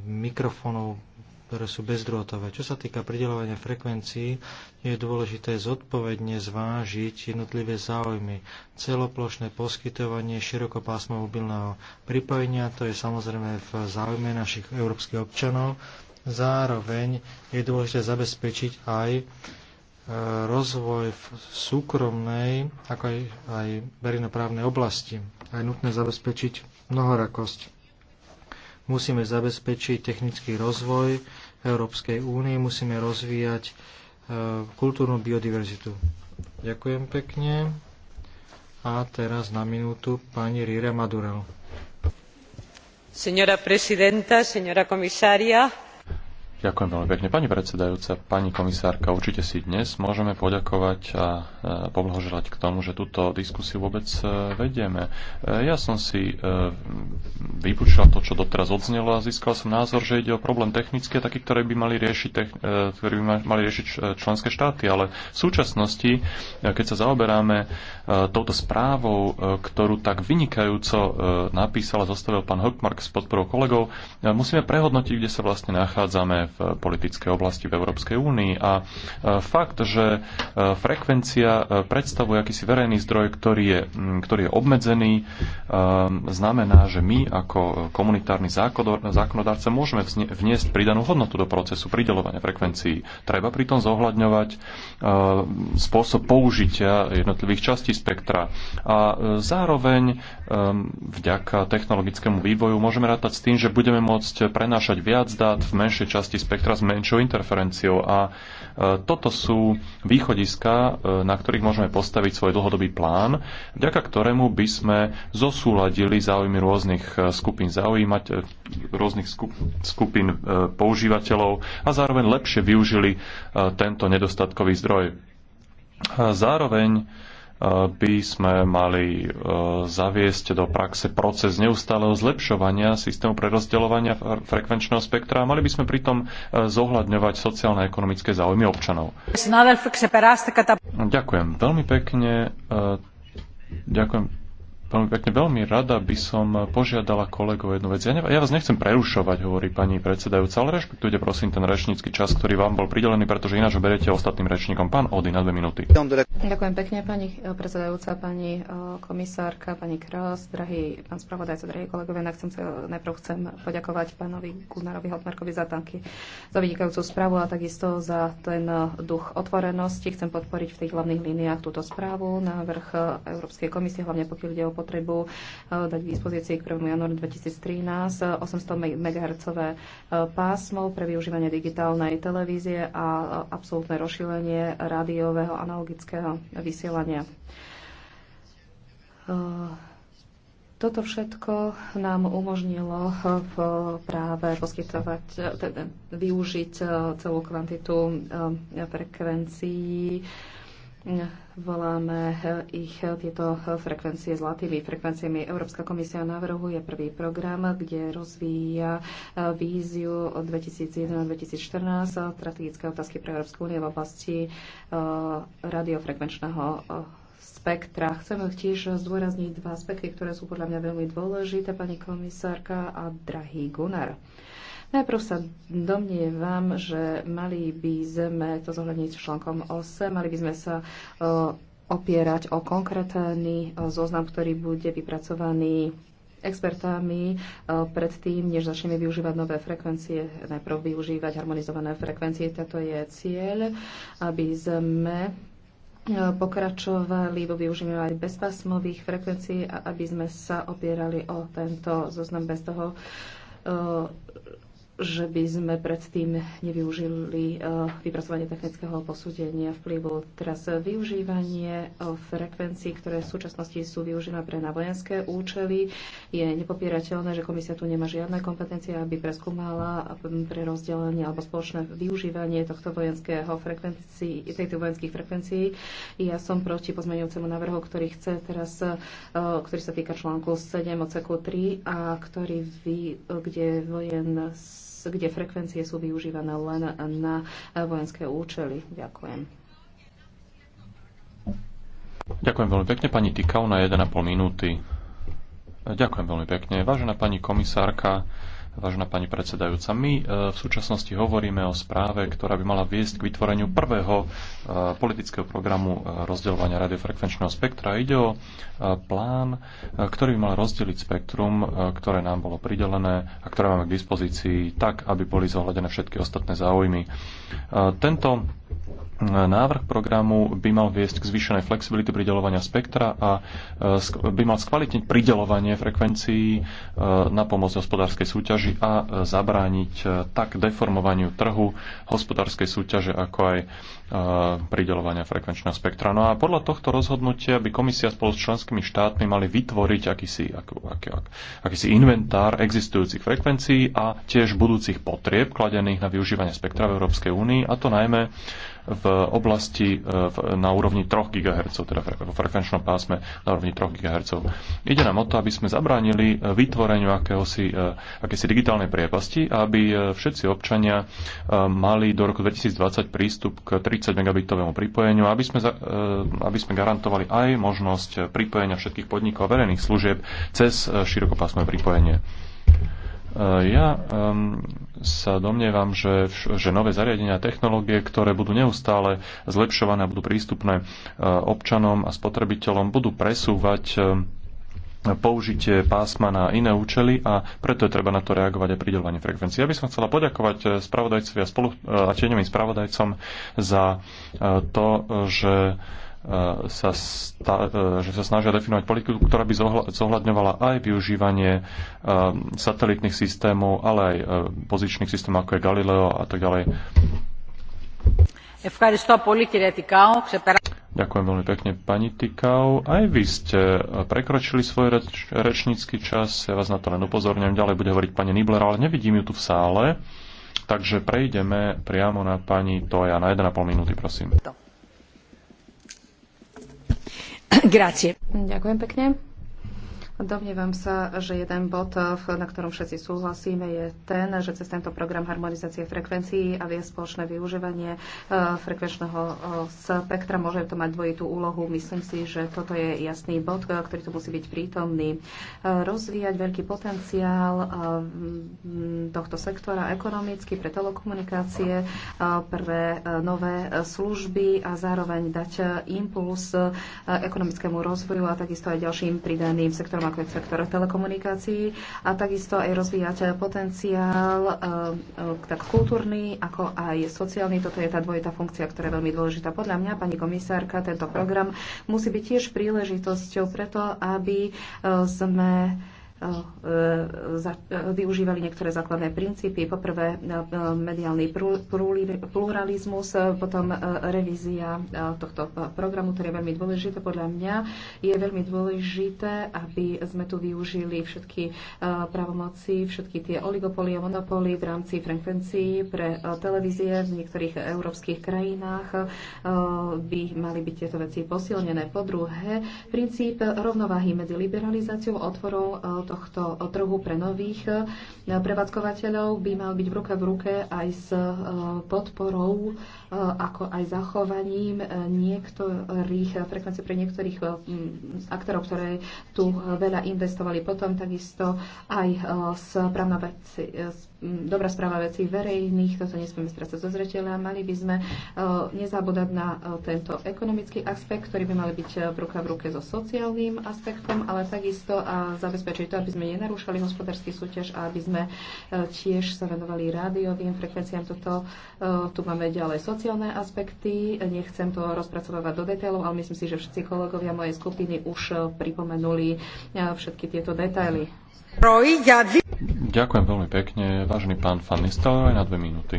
mikrofónov, ktoré sú bezdrôtové. Čo sa týka pridelovania frekvencií, je dôležité zodpovedne zvážiť jednotlivé záujmy. Celoplošné poskytovanie širokopásmo mobilného pripojenia, to je samozrejme v záujme našich európskych občanov, Zároveň je dôležité zabezpečiť aj e, rozvoj v súkromnej, ako aj, aj verejnoprávnej oblasti. A je nutné zabezpečiť mnohorakosť. Musíme zabezpečiť technický rozvoj Európskej únie, musíme rozvíjať e, kultúrnu biodiverzitu. Ďakujem pekne. A teraz na minútu pani Ríra Madurel. Señora presidenta, señora komisária, Ďakujem veľmi pekne. Pani predsedajúca, pani komisárka, určite si dnes môžeme poďakovať a e, poblhoželať k tomu, že túto diskusiu vôbec e, vedieme. E, ja som si vypúčal to, čo doteraz odznelo a získal som názor, že ide o problém technické, taký, ktoré by mali riešiť, ktorý by mali riešiť členské štáty. Ale v súčasnosti, keď sa zaoberáme touto správou, ktorú tak vynikajúco napísal a zostavil pán Hockmark s podporou kolegov, musíme prehodnotiť, kde sa vlastne nachádzame v politickej oblasti v Európskej únii. A e, fakt, že e, frekvencia e, predstavuje akýsi verejný zdroj, ktorý je, ktorý je obmedzený, znamená, že my ako komunitárny zákonodárca môžeme vniesť pridanú hodnotu do procesu pridelovania frekvencií. Treba pritom zohľadňovať spôsob použitia jednotlivých častí spektra a zároveň vďaka technologickému vývoju môžeme rátať s tým, že budeme môcť prenášať viac dát v menšej časti dĺžky spektra s menšou interferenciou. A e, toto sú východiska, e, na ktorých môžeme postaviť svoj dlhodobý plán, vďaka ktorému by sme zosúladili záujmy rôznych e, skupín zaujímať, rôznych skupín používateľov a zároveň lepšie využili tento nedostatkový zdroj. Zároveň by sme mali e, zaviesť do praxe proces neustáleho zlepšovania systému prerozdeľovania frekvenčného spektra a mali by sme pritom e, zohľadňovať sociálne a ekonomické záujmy občanov. Ďakujem veľmi pekne. E, ďakujem Veľmi pekne, veľmi rada by som požiadala kolegov jednu vec. Ja, ne, ja vás nechcem prerušovať, hovorí pani predsedajúca, ale rešpektujte prosím ten rečnícky čas, ktorý vám bol pridelený, pretože ináč ho beriete ostatným rečníkom. Pán Ody na dve minúty. Ďakujem pekne, pani eh, predsedajúca, pani eh, komisárka, pani Kros, drahý pán spravodajca, drahí kolegovia. Ja chcem sa, najprv chcem poďakovať pánovi Gunarovi Hotmarkovi za tanky, za vynikajúcu správu a takisto za ten eh, duch otvorenosti. Chcem podporiť v tých hlavných líniách túto správu, Na vrch Európskej komisie, hlavne pokiaľ ide potrebu eh, dať k dispozícii k 1. januáru 2013 800 MHz pásmo pre využívanie digitálnej televízie a eh, absolútne rozšírenie rádiového analogického vysielania. Eh, toto všetko nám umožnilo v práve poskytovať, teda využiť celú kvantitu frekvencií Voláme eh, ich eh, tieto eh, frekvencie zlatými frekvenciami. Európska komisia navrhuje prvý program, kde rozvíja víziu od 2001-2014 strategické otázky pre Európsku úniu v oblasti radiofrekvenčného spektra. Chcem tiež zdôrazniť dva aspekty, ktoré sú podľa mňa veľmi dôležité, pani komisárka a drahý Gunnar. Najprv sa domnievam, že mali by sme to zohľadniť článkom 8, mali by sme sa e, opierať o konkrétny e, zoznam, ktorý bude vypracovaný expertami e, predtým, než začneme využívať nové frekvencie, najprv využívať harmonizované frekvencie. Toto je cieľ, aby sme pokračovali vo využívaní bezpásmových frekvencií a aby sme sa opierali o tento zoznam bez toho, že by sme predtým nevyužili eh, vypracovanie technického posúdenia vplyvu. Teraz využívanie eh, frekvencií, ktoré v súčasnosti sú využívané pre na vojenské účely, je nepopierateľné, že komisia tu nemá žiadne kompetencie, aby preskúmala eh, pre rozdelenie alebo spoločné využívanie tohto vojenského frekvencií, tejto vojenských frekvencií. Ja som proti pozmeňujúcemu návrhu, ktorý chce teraz, ktorý sa týka článku 7 odseku 3 a ktorý vy, kde vojen kde frekvencie sú využívané len na vojenské účely. Ďakujem. Ďakujem veľmi pekne pani Tikau na 1,5 minúty. Ďakujem veľmi pekne. Vážená pani komisárka, Vážená pani predsedajúca, my e, v súčasnosti hovoríme o správe, ktorá by mala viesť k vytvoreniu prvého e, politického programu e, rozdeľovania radiofrekvenčného spektra. Ide o plán, ktorý by mal rozdeliť spektrum, ktoré nám bolo pridelené a ktoré máme k dispozícii tak, aby boli zohľadené všetky ostatné záujmy. Tento Návrh programu by mal viesť k zvýšenej flexibility pridelovania spektra a e, by mal skvalitniť pridelovanie frekvencií e, na pomoc hospodárskej súťaži a e, zabrániť tak deformovaniu trhu hospodárskej súťaže, ako aj pridelovania frekvenčného spektra. No a podľa tohto rozhodnutia by komisia spolu s členskými štátmi mali vytvoriť akýsi, ak, ak, akýsi inventár existujúcich frekvencií a tiež budúcich potrieb kladených na využívanie spektra v Európskej únii, a to najmä v oblasti e, na úrovni 3 GHz, teda vo frekvenčnom pásme na úrovni 3 GHz. Ide nám o to, aby sme zabránili e, vytvoreniu akéhosi, e, akési digitálnej priepasti, aby všetci občania mali do roku 2020 prístup k 30 megabitovému pripojeniu, aby sme, aby sme garantovali aj možnosť pripojenia všetkých podnikov a verejných služieb cez širokopásmové pripojenie. Eh, ja um, sa domnievam, že, že nové zariadenia a technológie, ktoré budú neustále zlepšované a budú prístupné eh, občanom a spotrebiteľom, budú presúvať eh, použitie pásma na iné účely a preto je treba na to reagovať aj pridelovanie frekvencií. Ja by som chcela poďakovať spravodajcovi a, spolu, a tieňovým spravodajcom za to, že E, sa, sta, e, že sa snažia definovať politiku, ktorá by zohľadňovala aj využívanie e, satelitných systémov, ale aj pozičných systémov, ako je Galileo a tak ďalej. Ďakujem veľmi pekne, pani Tikau. Aj vy ste prekročili svoj reč, rečnícky čas, ja vás na to len upozorňujem. Ďalej bude hovoriť pani Nibler, ale nevidím ju tu v sále, takže prejdeme priamo na pani Toja na 1,5 minúty, prosím. To. Grazie. Ďakujem pekne. Domnievam sa, že jeden bod, na ktorom všetci súhlasíme, je ten, že cez tento program harmonizácie frekvencií a vie spoločné využívanie e, frekvenčného e, spektra môže to mať dvojitú úlohu. Myslím si, že toto je jasný bod, e, ktorý tu musí byť prítomný. Rozvíjať veľký potenciál tohto sektora ekonomicky pre telekomunikácie, prvé nové služby a zároveň dať impuls ekonomickému rozvoju a takisto aj ďalším pridaným sektorom ako je sektor telekomunikácií a takisto aj rozvíjať eh, potenciál eh, eh, tak kultúrny, ako aj sociálny. Toto je tá dvojitá funkcia, ktorá je veľmi dôležitá. Podľa mňa, pani komisárka, tento program musí byť tiež príležitosťou preto, aby sme Eh, eh, využívali niektoré základné princípy. Poprvé eh, mediálny pluralizmus, potom revízia tohto programu, ktorý je veľmi dôležité. Podľa mňa je veľmi dôležité, aby sme tu využili všetky pravomoci, všetky tie oligopoly a monopoly v rámci frekvencií pre televízie v niektorých európskych krajinách by mali byť tieto veci posilnené. Po druhé, princíp rovnováhy medzi liberalizáciou, otvorou tohto trhu pre nových eh, prevádzkovateľov by mal byť v ruke v ruke aj s eh, podporou, eh, ako aj zachovaním niektorých frekvencií pre niektorých mm, aktorov, ktoré tu veľa investovali. Potom takisto aj správna veci, mm, dobrá správa vecí verejných, toto nesmieme strácať zo zreteľa. Mali by sme nezabúdať na tento ekonomický aspekt, ktorý by mal byť v ruka v ruke so sociálnym aspektom, ale takisto a zabezpečiť to, aby sme nenarúšali hospodársky súťaž a aby sme e, tiež sa venovali rádiovým frekvenciám. Toto, e, tu máme ďalej sociálne aspekty. Nechcem to rozpracovávať do detailov, ale myslím si, že všetci kolegovia mojej skupiny už e, pripomenuli všetky tieto detaily. Ďakujem veľmi pekne. Vážený pán Fan Nistelrooy na dve minúty.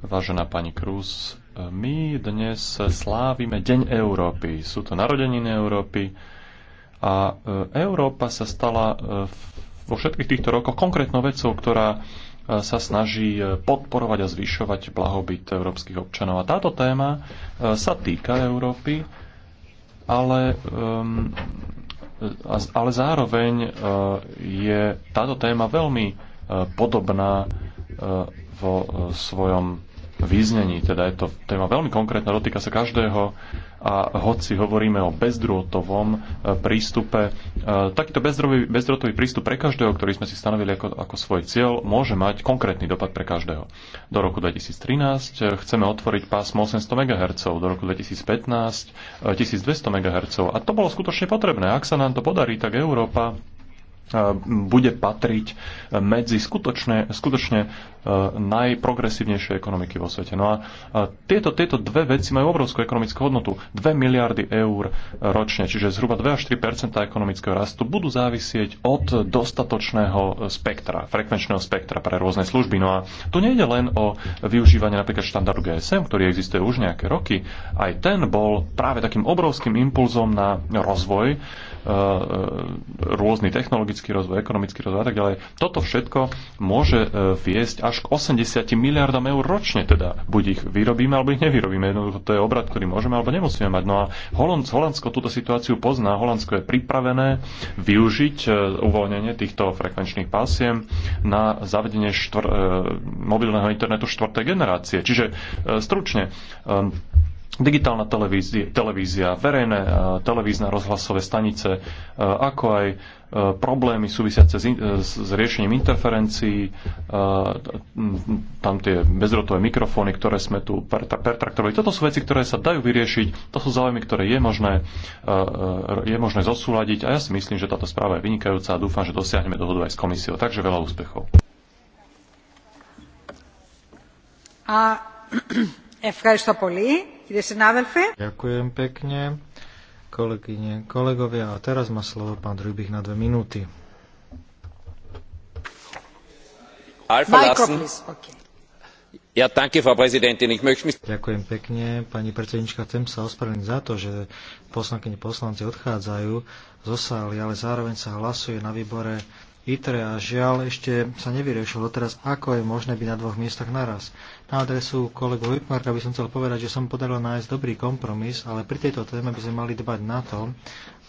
Vážená pani Krús, my dnes slávime Deň Európy. Sú to narodeniny Európy a e, Európa sa stala e, vo všetkých týchto rokoch konkrétnou vecou, ktorá e, sa snaží podporovať a zvyšovať blahobyt európskych občanov. A táto téma sa týka Európy, ale, ale zároveň je táto téma veľmi podobná vo svojom význení. Teda je to téma veľmi konkrétna, dotýka sa každého a hoci hovoríme o bezdrôtovom e, prístupe, e, takýto bezdrôtový, bezdrôtový prístup pre každého, ktorý sme si stanovili ako, ako svoj cieľ, môže mať konkrétny dopad pre každého. Do roku 2013 e, chceme otvoriť pásmo 800 MHz, do roku 2015 1200 MHz a to bolo skutočne potrebné. Ak sa nám to podarí, tak Európa bude patriť medzi skutočne, skutočne e, najprogresívnejšie ekonomiky vo svete. No a tieto, tieto dve veci majú obrovskú ekonomickú hodnotu. 2 miliardy eur ročne, čiže zhruba 2 až 3 ekonomického rastu budú závisieť od dostatočného spektra, frekvenčného spektra pre rôzne služby. No a tu nejde len o využívanie napríklad štandardu GSM, ktorý existuje už nejaké roky. Aj ten bol práve takým obrovským impulzom na rozvoj e, e, rôznych technologií technologický rozvoj, ekonomický rozvoj a tak ďalej. Toto všetko môže e, viesť až k 80 miliardom eur ročne, teda buď ich vyrobíme alebo ich nevyrobíme. Jednoducho to je obrad, ktorý môžeme alebo nemusíme mať. No a Holandsko, Holandsko túto situáciu pozná. Holandsko je pripravené využiť e, uvoľnenie týchto frekvenčných pásiem na zavedenie štvr- e, mobilného internetu štvrtej generácie. Čiže stručne, digitálna televízia, televízia verejné e, televízne rozhlasové stanice, e, ako aj e, problémy súvisiace s, s riešením interferencií, tam tie bezrotové mikrofóny, ktoré sme tu pertraktovali. Toto sú veci, ktoré sa dajú vyriešiť, to sú záujmy, ktoré je možné, je možné zosúľadiť a ja si myslím, že táto správa je vynikajúca a dúfam, že dosiahneme dohodu aj s komisiou. Takže veľa úspechov. A... <clears throat> Ευχαριστώ πολύ. Ďakujem pekne, kolegyne, kolegovia. A teraz má slovo pán Rubich na dve minúty. Ďakujem pekne, pani predsednička. Chcem sa ospravedlniť za to, že poslankyne poslanci odchádzajú zo sály, ale zároveň sa hlasuje na výbore ITRE a žiaľ ešte sa nevyriešilo teraz, ako je možné byť na dvoch miestach naraz. Na adresu kolegu Hütmarka by som chcel povedať, že som podaril nájsť dobrý kompromis, ale pri tejto téme by sme mali dbať na to,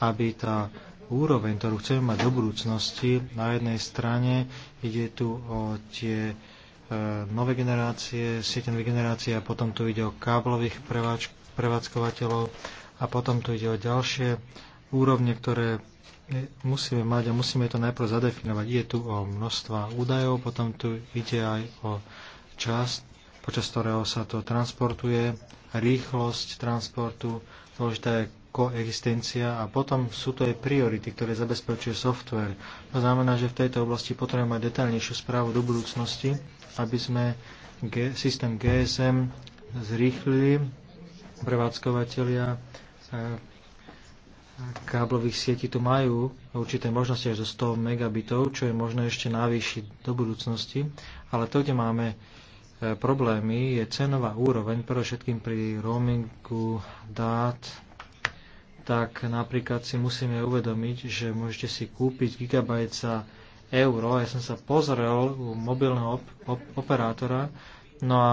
aby tá úroveň, ktorú chceme mať do budúcnosti, na jednej strane ide tu o tie e, nové generácie, siete nové generácie a potom tu ide o káblových prevádzkovateľov a potom tu ide o ďalšie úrovne, ktoré musíme mať a musíme to najprv zadefinovať. Je tu o množstva údajov, potom tu ide aj o čas, počas ktorého sa to transportuje, rýchlosť transportu, dôležitá je koexistencia a potom sú to aj priority, ktoré zabezpečuje software. To znamená, že v tejto oblasti potrebujeme mať detaľnejšiu správu do budúcnosti, aby sme G- systém GSM zrýchlili, prevádzkovateľia káblových sietí tu majú určité možnosti až do 100 megabitov, čo je možné ešte navýšiť do budúcnosti, ale to, kde máme e, problémy, je cenová úroveň, všetkým pri roamingu dát, tak napríklad si musíme uvedomiť, že môžete si kúpiť gigabajt za euro. Ja som sa pozrel u mobilného op- op- operátora, no a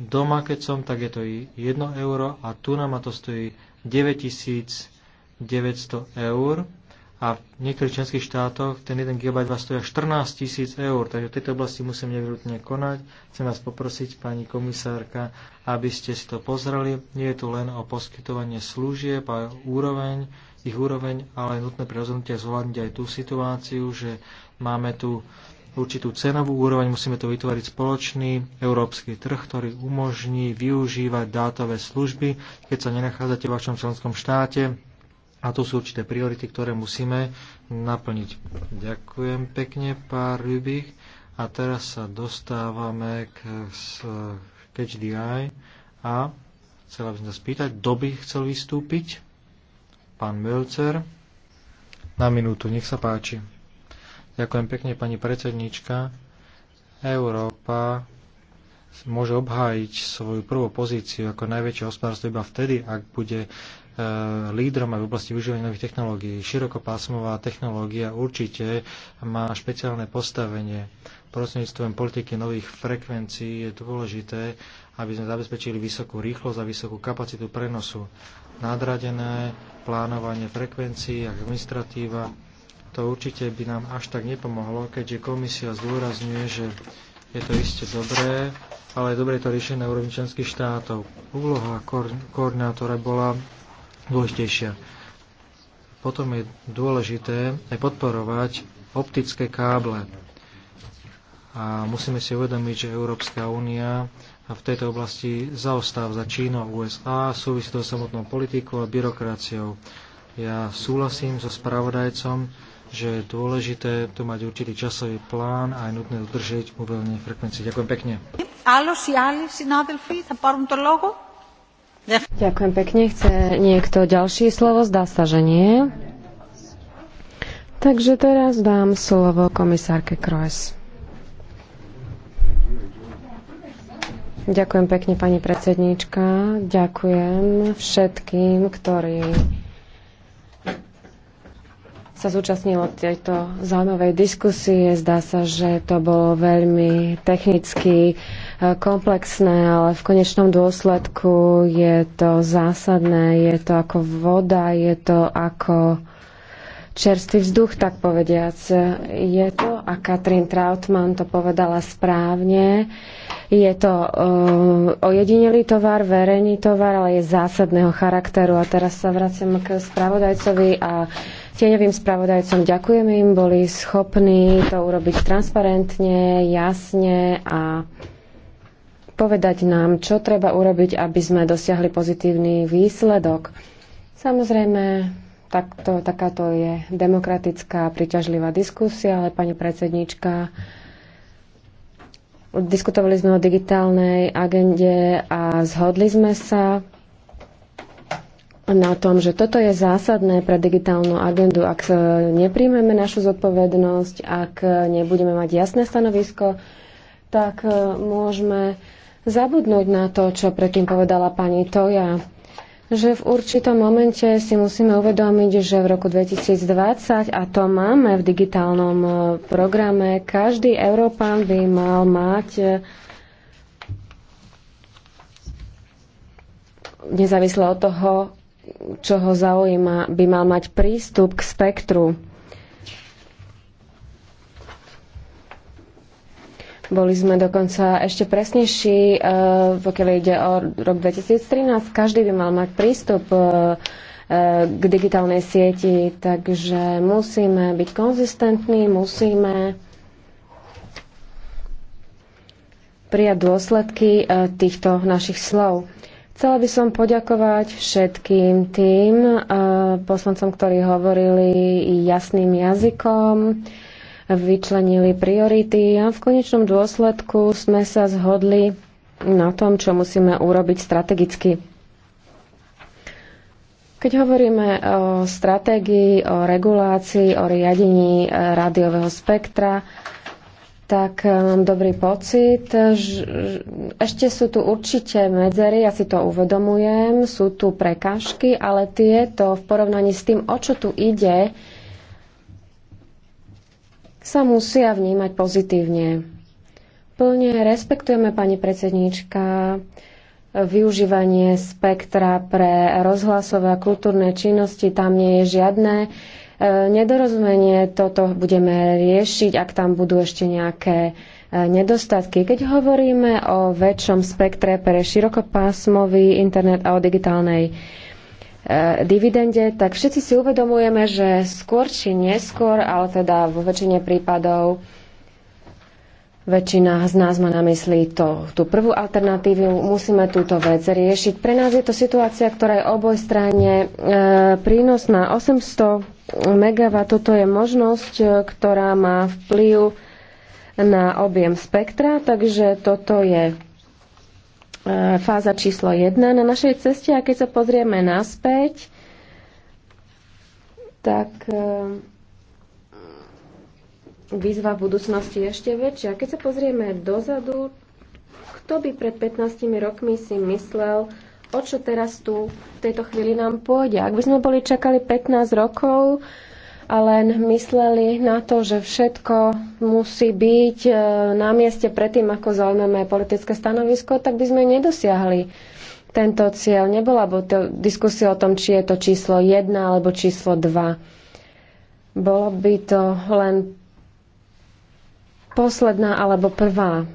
doma, keď som, tak je to 1 euro a tu nám to stojí 9000 900 eur a v niektorých členských štátoch ten 1 GB vás stojí 14 tisíc eur, takže v tejto oblasti musím nevyhnutne konať. Chcem vás poprosiť, pani komisárka, aby ste si to pozreli. Nie je tu len o poskytovanie služieb a úroveň, ich úroveň, ale je nutné pri rozhodnutiach zvládniť aj tú situáciu, že máme tu určitú cenovú úroveň, musíme to vytvoriť spoločný európsky trh, ktorý umožní využívať dátové služby, keď sa nenachádzate v vašom členskom štáte a to sú určité priority, ktoré musíme naplniť. Ďakujem pekne, pár Rybich. A teraz sa dostávame k Catch the Eye. A chcela by som sa spýtať, kto by chcel vystúpiť? Pán Mölcer. Na minútu, nech sa páči. Ďakujem pekne, pani predsednička. Európa môže obhájiť svoju prvú pozíciu ako najväčšie hospodárstvo iba vtedy, ak bude e, lídrom aj v oblasti využívania nových technológií. Širokopásmová technológia určite má špeciálne postavenie. Prostredníctvom politiky nových frekvencií je dôležité, aby sme zabezpečili vysokú rýchlosť a vysokú kapacitu prenosu. Nadradené plánovanie frekvencií a administratíva to určite by nám až tak nepomohlo, keďže komisia zdôrazňuje, že je to iste dobré, ale dobre to riešené na úrovni členských štátov. Úloha koordinátora bola dôležitejšia. Potom je dôležité aj podporovať optické káble. A musíme si uvedomiť, že Európska únia v tejto oblasti zaostáva za Čínou, USA, súvisí to samotnou politikou a byrokraciou. Ja súhlasím so spravodajcom, že je dôležité to mať určitý časový plán a je nutné udržiť mobilné frekvencie. Ďakujem pekne. Ďakujem pekne. Chce niekto ďalší slovo? Zdá sa, že nie. Takže teraz dám slovo komisárke Kroes. Ďakujem pekne, pani predsedníčka. Ďakujem všetkým, ktorí sa zúčastnilo tejto zaujímavej diskusie. Zdá sa, že to bolo veľmi technicky e, komplexné, ale v konečnom dôsledku je to zásadné, je to ako voda, je to ako čerstvý vzduch, tak povediac. Je to, a Katrin Trautmann to povedala správne, je to uh, ojedinelý tovar, verejný tovar, ale je zásadného charakteru. A teraz sa vraciam k spravodajcovi a Tieňovým spravodajcom ďakujem im, boli schopní to urobiť transparentne, jasne a povedať nám, čo treba urobiť, aby sme dosiahli pozitívny výsledok. Samozrejme, takto, takáto je demokratická príťažlivá diskusia, ale pani predsednička, diskutovali sme o digitálnej agende a zhodli sme sa na tom, že toto je zásadné pre digitálnu agendu. Ak e, nepríjmeme našu zodpovednosť, ak e, nebudeme mať jasné stanovisko, tak e, môžeme zabudnúť na to, čo predtým povedala pani Toja, že v určitom momente si musíme uvedomiť, že v roku 2020, a to máme v digitálnom programe, každý Európan by mal mať nezávisle od toho, čo ho zaujíma, by mal mať prístup k spektru. Boli sme dokonca ešte presnejší, e, pokiaľ ide o rok 2013. Každý by mal mať prístup e, e, k digitálnej sieti, takže musíme byť konzistentní, musíme prijať dôsledky týchto našich slov. Chcela by som poďakovať všetkým tým e, poslancom, ktorí hovorili jasným jazykom, vyčlenili priority a v konečnom dôsledku sme sa zhodli na tom, čo musíme urobiť strategicky. Keď hovoríme o stratégii, o regulácii, o riadení e, rádiového spektra, tak e, mám dobrý pocit. Ešte sú tu určite medzery, ja si to uvedomujem, sú tu prekážky, ale tieto v porovnaní s tým, o čo tu ide, sa musia vnímať pozitívne. Plne respektujeme, pani predsedníčka, využívanie spektra pre rozhlasové a kultúrne činnosti, tam nie je žiadne E, nedorozumenie. Toto budeme riešiť, ak tam budú ešte nejaké e, nedostatky. Keď hovoríme o väčšom spektre pre širokopásmový internet a o digitálnej e, dividende, tak všetci si uvedomujeme, že skôr či neskôr, ale teda vo väčšine prípadov Väčšina z nás má na mysli to, tú prvú alternatívu. Musíme túto vec riešiť. Pre nás je to situácia, ktorá je oboj strane e, prínosná. 800 MW toto je možnosť, e, ktorá má vplyv na objem spektra, takže toto je e, fáza číslo 1 na našej ceste. A keď sa pozrieme naspäť, tak... E, výzva v budúcnosti ešte väčšia. Keď sa pozrieme dozadu, kto by pred 15 rokmi si myslel, o čo teraz tu v tejto chvíli nám pôjde. Ak by sme boli čakali 15 rokov a len mysleli na to, že všetko musí byť e, na mieste predtým, ako zaujmeme politické stanovisko, tak by sme nedosiahli tento cieľ. Nebola by to diskusia o tom, či je to číslo 1 alebo číslo 2. Bolo by to len posledná alebo prvá.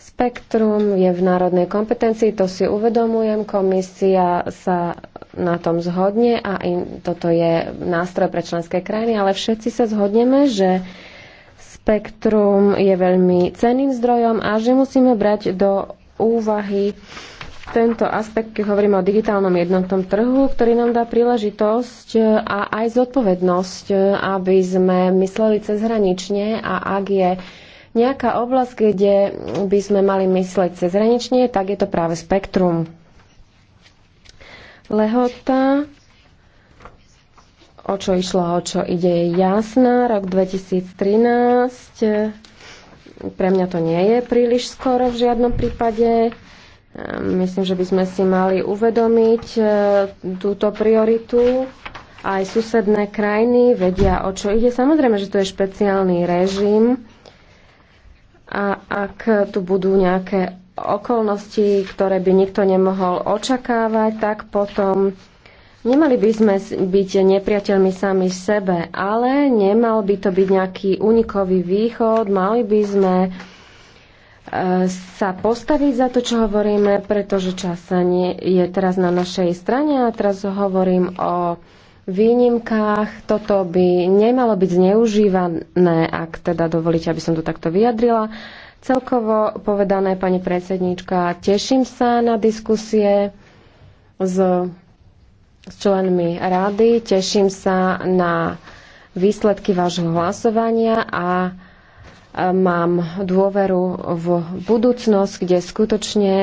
Spektrum je v národnej kompetencii, to si uvedomujem, komisia sa na tom zhodne a in, toto je nástroj pre členské krajiny, ale všetci sa zhodneme, že spektrum je veľmi cenným zdrojom a že musíme brať do úvahy uh, tento aspekt, keď hovoríme o digitálnom jednotnom trhu, ktorý nám dá príležitosť a aj zodpovednosť, aby sme mysleli cezhranične a ak je nejaká oblasť, kde by sme mali mysleť cezhranične, tak je to práve spektrum. Lehota, o čo išlo, o čo ide, je jasná. Rok 2013, pre mňa to nie je príliš skoro v žiadnom prípade. Myslím, že by sme si mali uvedomiť e, túto prioritu. Aj susedné krajiny vedia, o čo ide. Samozrejme, že to je špeciálny režim. A ak tu budú nejaké okolnosti, ktoré by nikto nemohol očakávať, tak potom Nemali by sme byť nepriateľmi sami sebe, ale nemal by to byť nejaký unikový východ, mali by sme sa postaviť za to, čo hovoríme, pretože čas nie je teraz na našej strane a teraz hovorím o výnimkách. Toto by nemalo byť zneužívané, ak teda dovolíte, aby som to takto vyjadrila. Celkovo povedané, pani predsedníčka, teším sa na diskusie s, s členmi rady, teším sa na výsledky vášho hlasovania a mám dôveru v budúcnosť, kde skutočne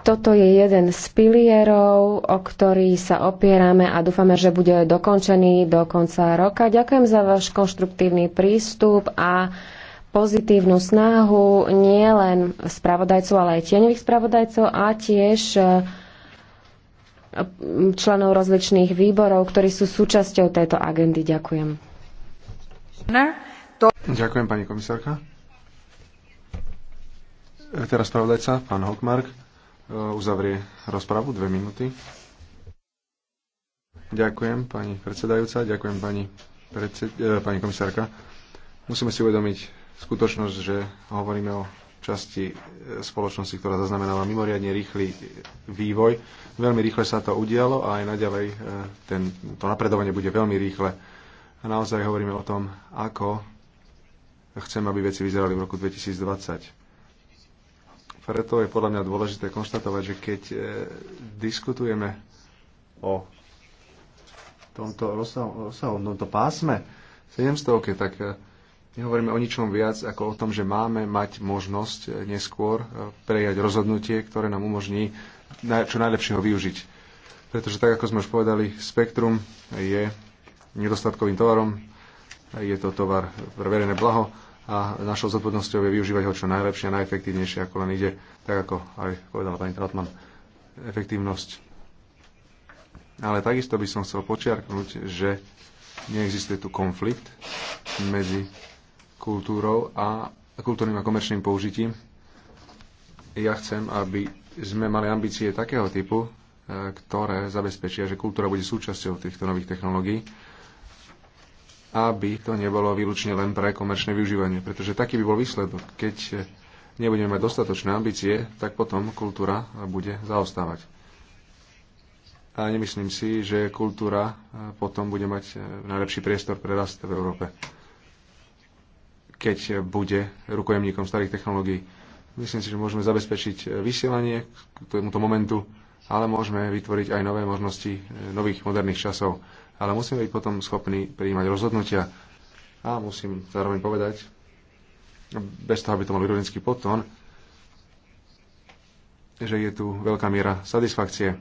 toto je jeden z pilierov, o ktorý sa opierame a dúfame, že bude dokončený do konca roka. Ďakujem za váš konštruktívny prístup a pozitívnu snahu nielen spravodajcov, ale aj tieňových spravodajcov a tiež e, členov rozličných výborov, ktorí sú súčasťou tejto agendy. Ďakujem. Ne? to... Ďakujem, pani komisárka. E, teraz spravodajca, pán Hokmark, e, uzavrie rozpravu, dve minúty. Ďakujem, pani predsedajúca, ďakujem, pani, predsed... E, pani komisárka. Musíme si uvedomiť skutočnosť, že hovoríme o časti spoločnosti, ktorá zaznamenala mimoriadne rýchly vývoj. Veľmi rýchle sa to udialo a aj naďalej ten, to napredovanie bude veľmi rýchle. A naozaj hovoríme o tom, ako chcem, aby veci vyzerali v roku 2020. Preto je podľa mňa dôležité konštatovať, že keď e, diskutujeme o tomto rozsahu, rozsahu tomto no pásme 700, tak e, nehovoríme o ničom viac ako o tom, že máme mať možnosť e, neskôr prejať rozhodnutie, ktoré nám umožní čo najlepšie ho využiť. Pretože tak, ako sme už povedali, spektrum je nedostatkovým tovarom, je to tovar pre verejné blaho a našou zodpovednosťou je využívať ho čo najlepšie a najefektívnejšie, ako len ide, tak ako aj povedala pani Tratman, efektívnosť. Ale takisto by som chcel počiarknúť, že neexistuje tu konflikt medzi kultúrou a kultúrnym a komerčným použitím. Ja chcem, aby sme mali ambície takého typu, e, ktoré zabezpečia, že kultúra bude súčasťou týchto nových technológií aby to nebolo výlučne len pre komerčné využívanie. Pretože taký by bol výsledok. Keď nebudeme mať dostatočné ambície, tak potom kultúra bude zaostávať. A nemyslím si, že kultúra e, potom bude mať e, najlepší priestor pre rast v Európe, keď bude rukojemníkom starých technológií. Myslím si, že môžeme zabezpečiť e, vysielanie k tomuto momentu ale môžeme vytvoriť aj nové možnosti e, nových moderných časov. Ale musíme byť potom schopní prijímať rozhodnutia. A musím zároveň povedať, bez toho, aby to mal ironický potón, že je tu veľká miera satisfakcie.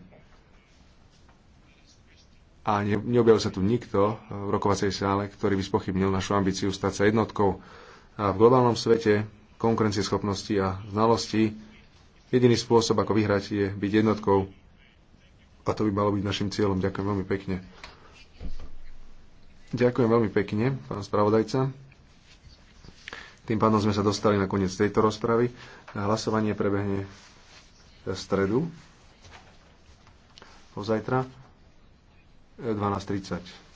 A ne, neobjavil sa tu nikto v rokovacej sále, ktorý by spochybnil našu ambíciu stať sa jednotkou. A v globálnom svete konkurencieschopnosti a znalostí Jediný spôsob, ako vyhrať, je byť jednotkou. A to by malo byť našim cieľom. Ďakujem veľmi pekne. Ďakujem veľmi pekne, pán spravodajca. Tým pádom sme sa dostali na koniec tejto rozpravy. Hlasovanie prebehne v stredu, pozajtra, 12.30. E,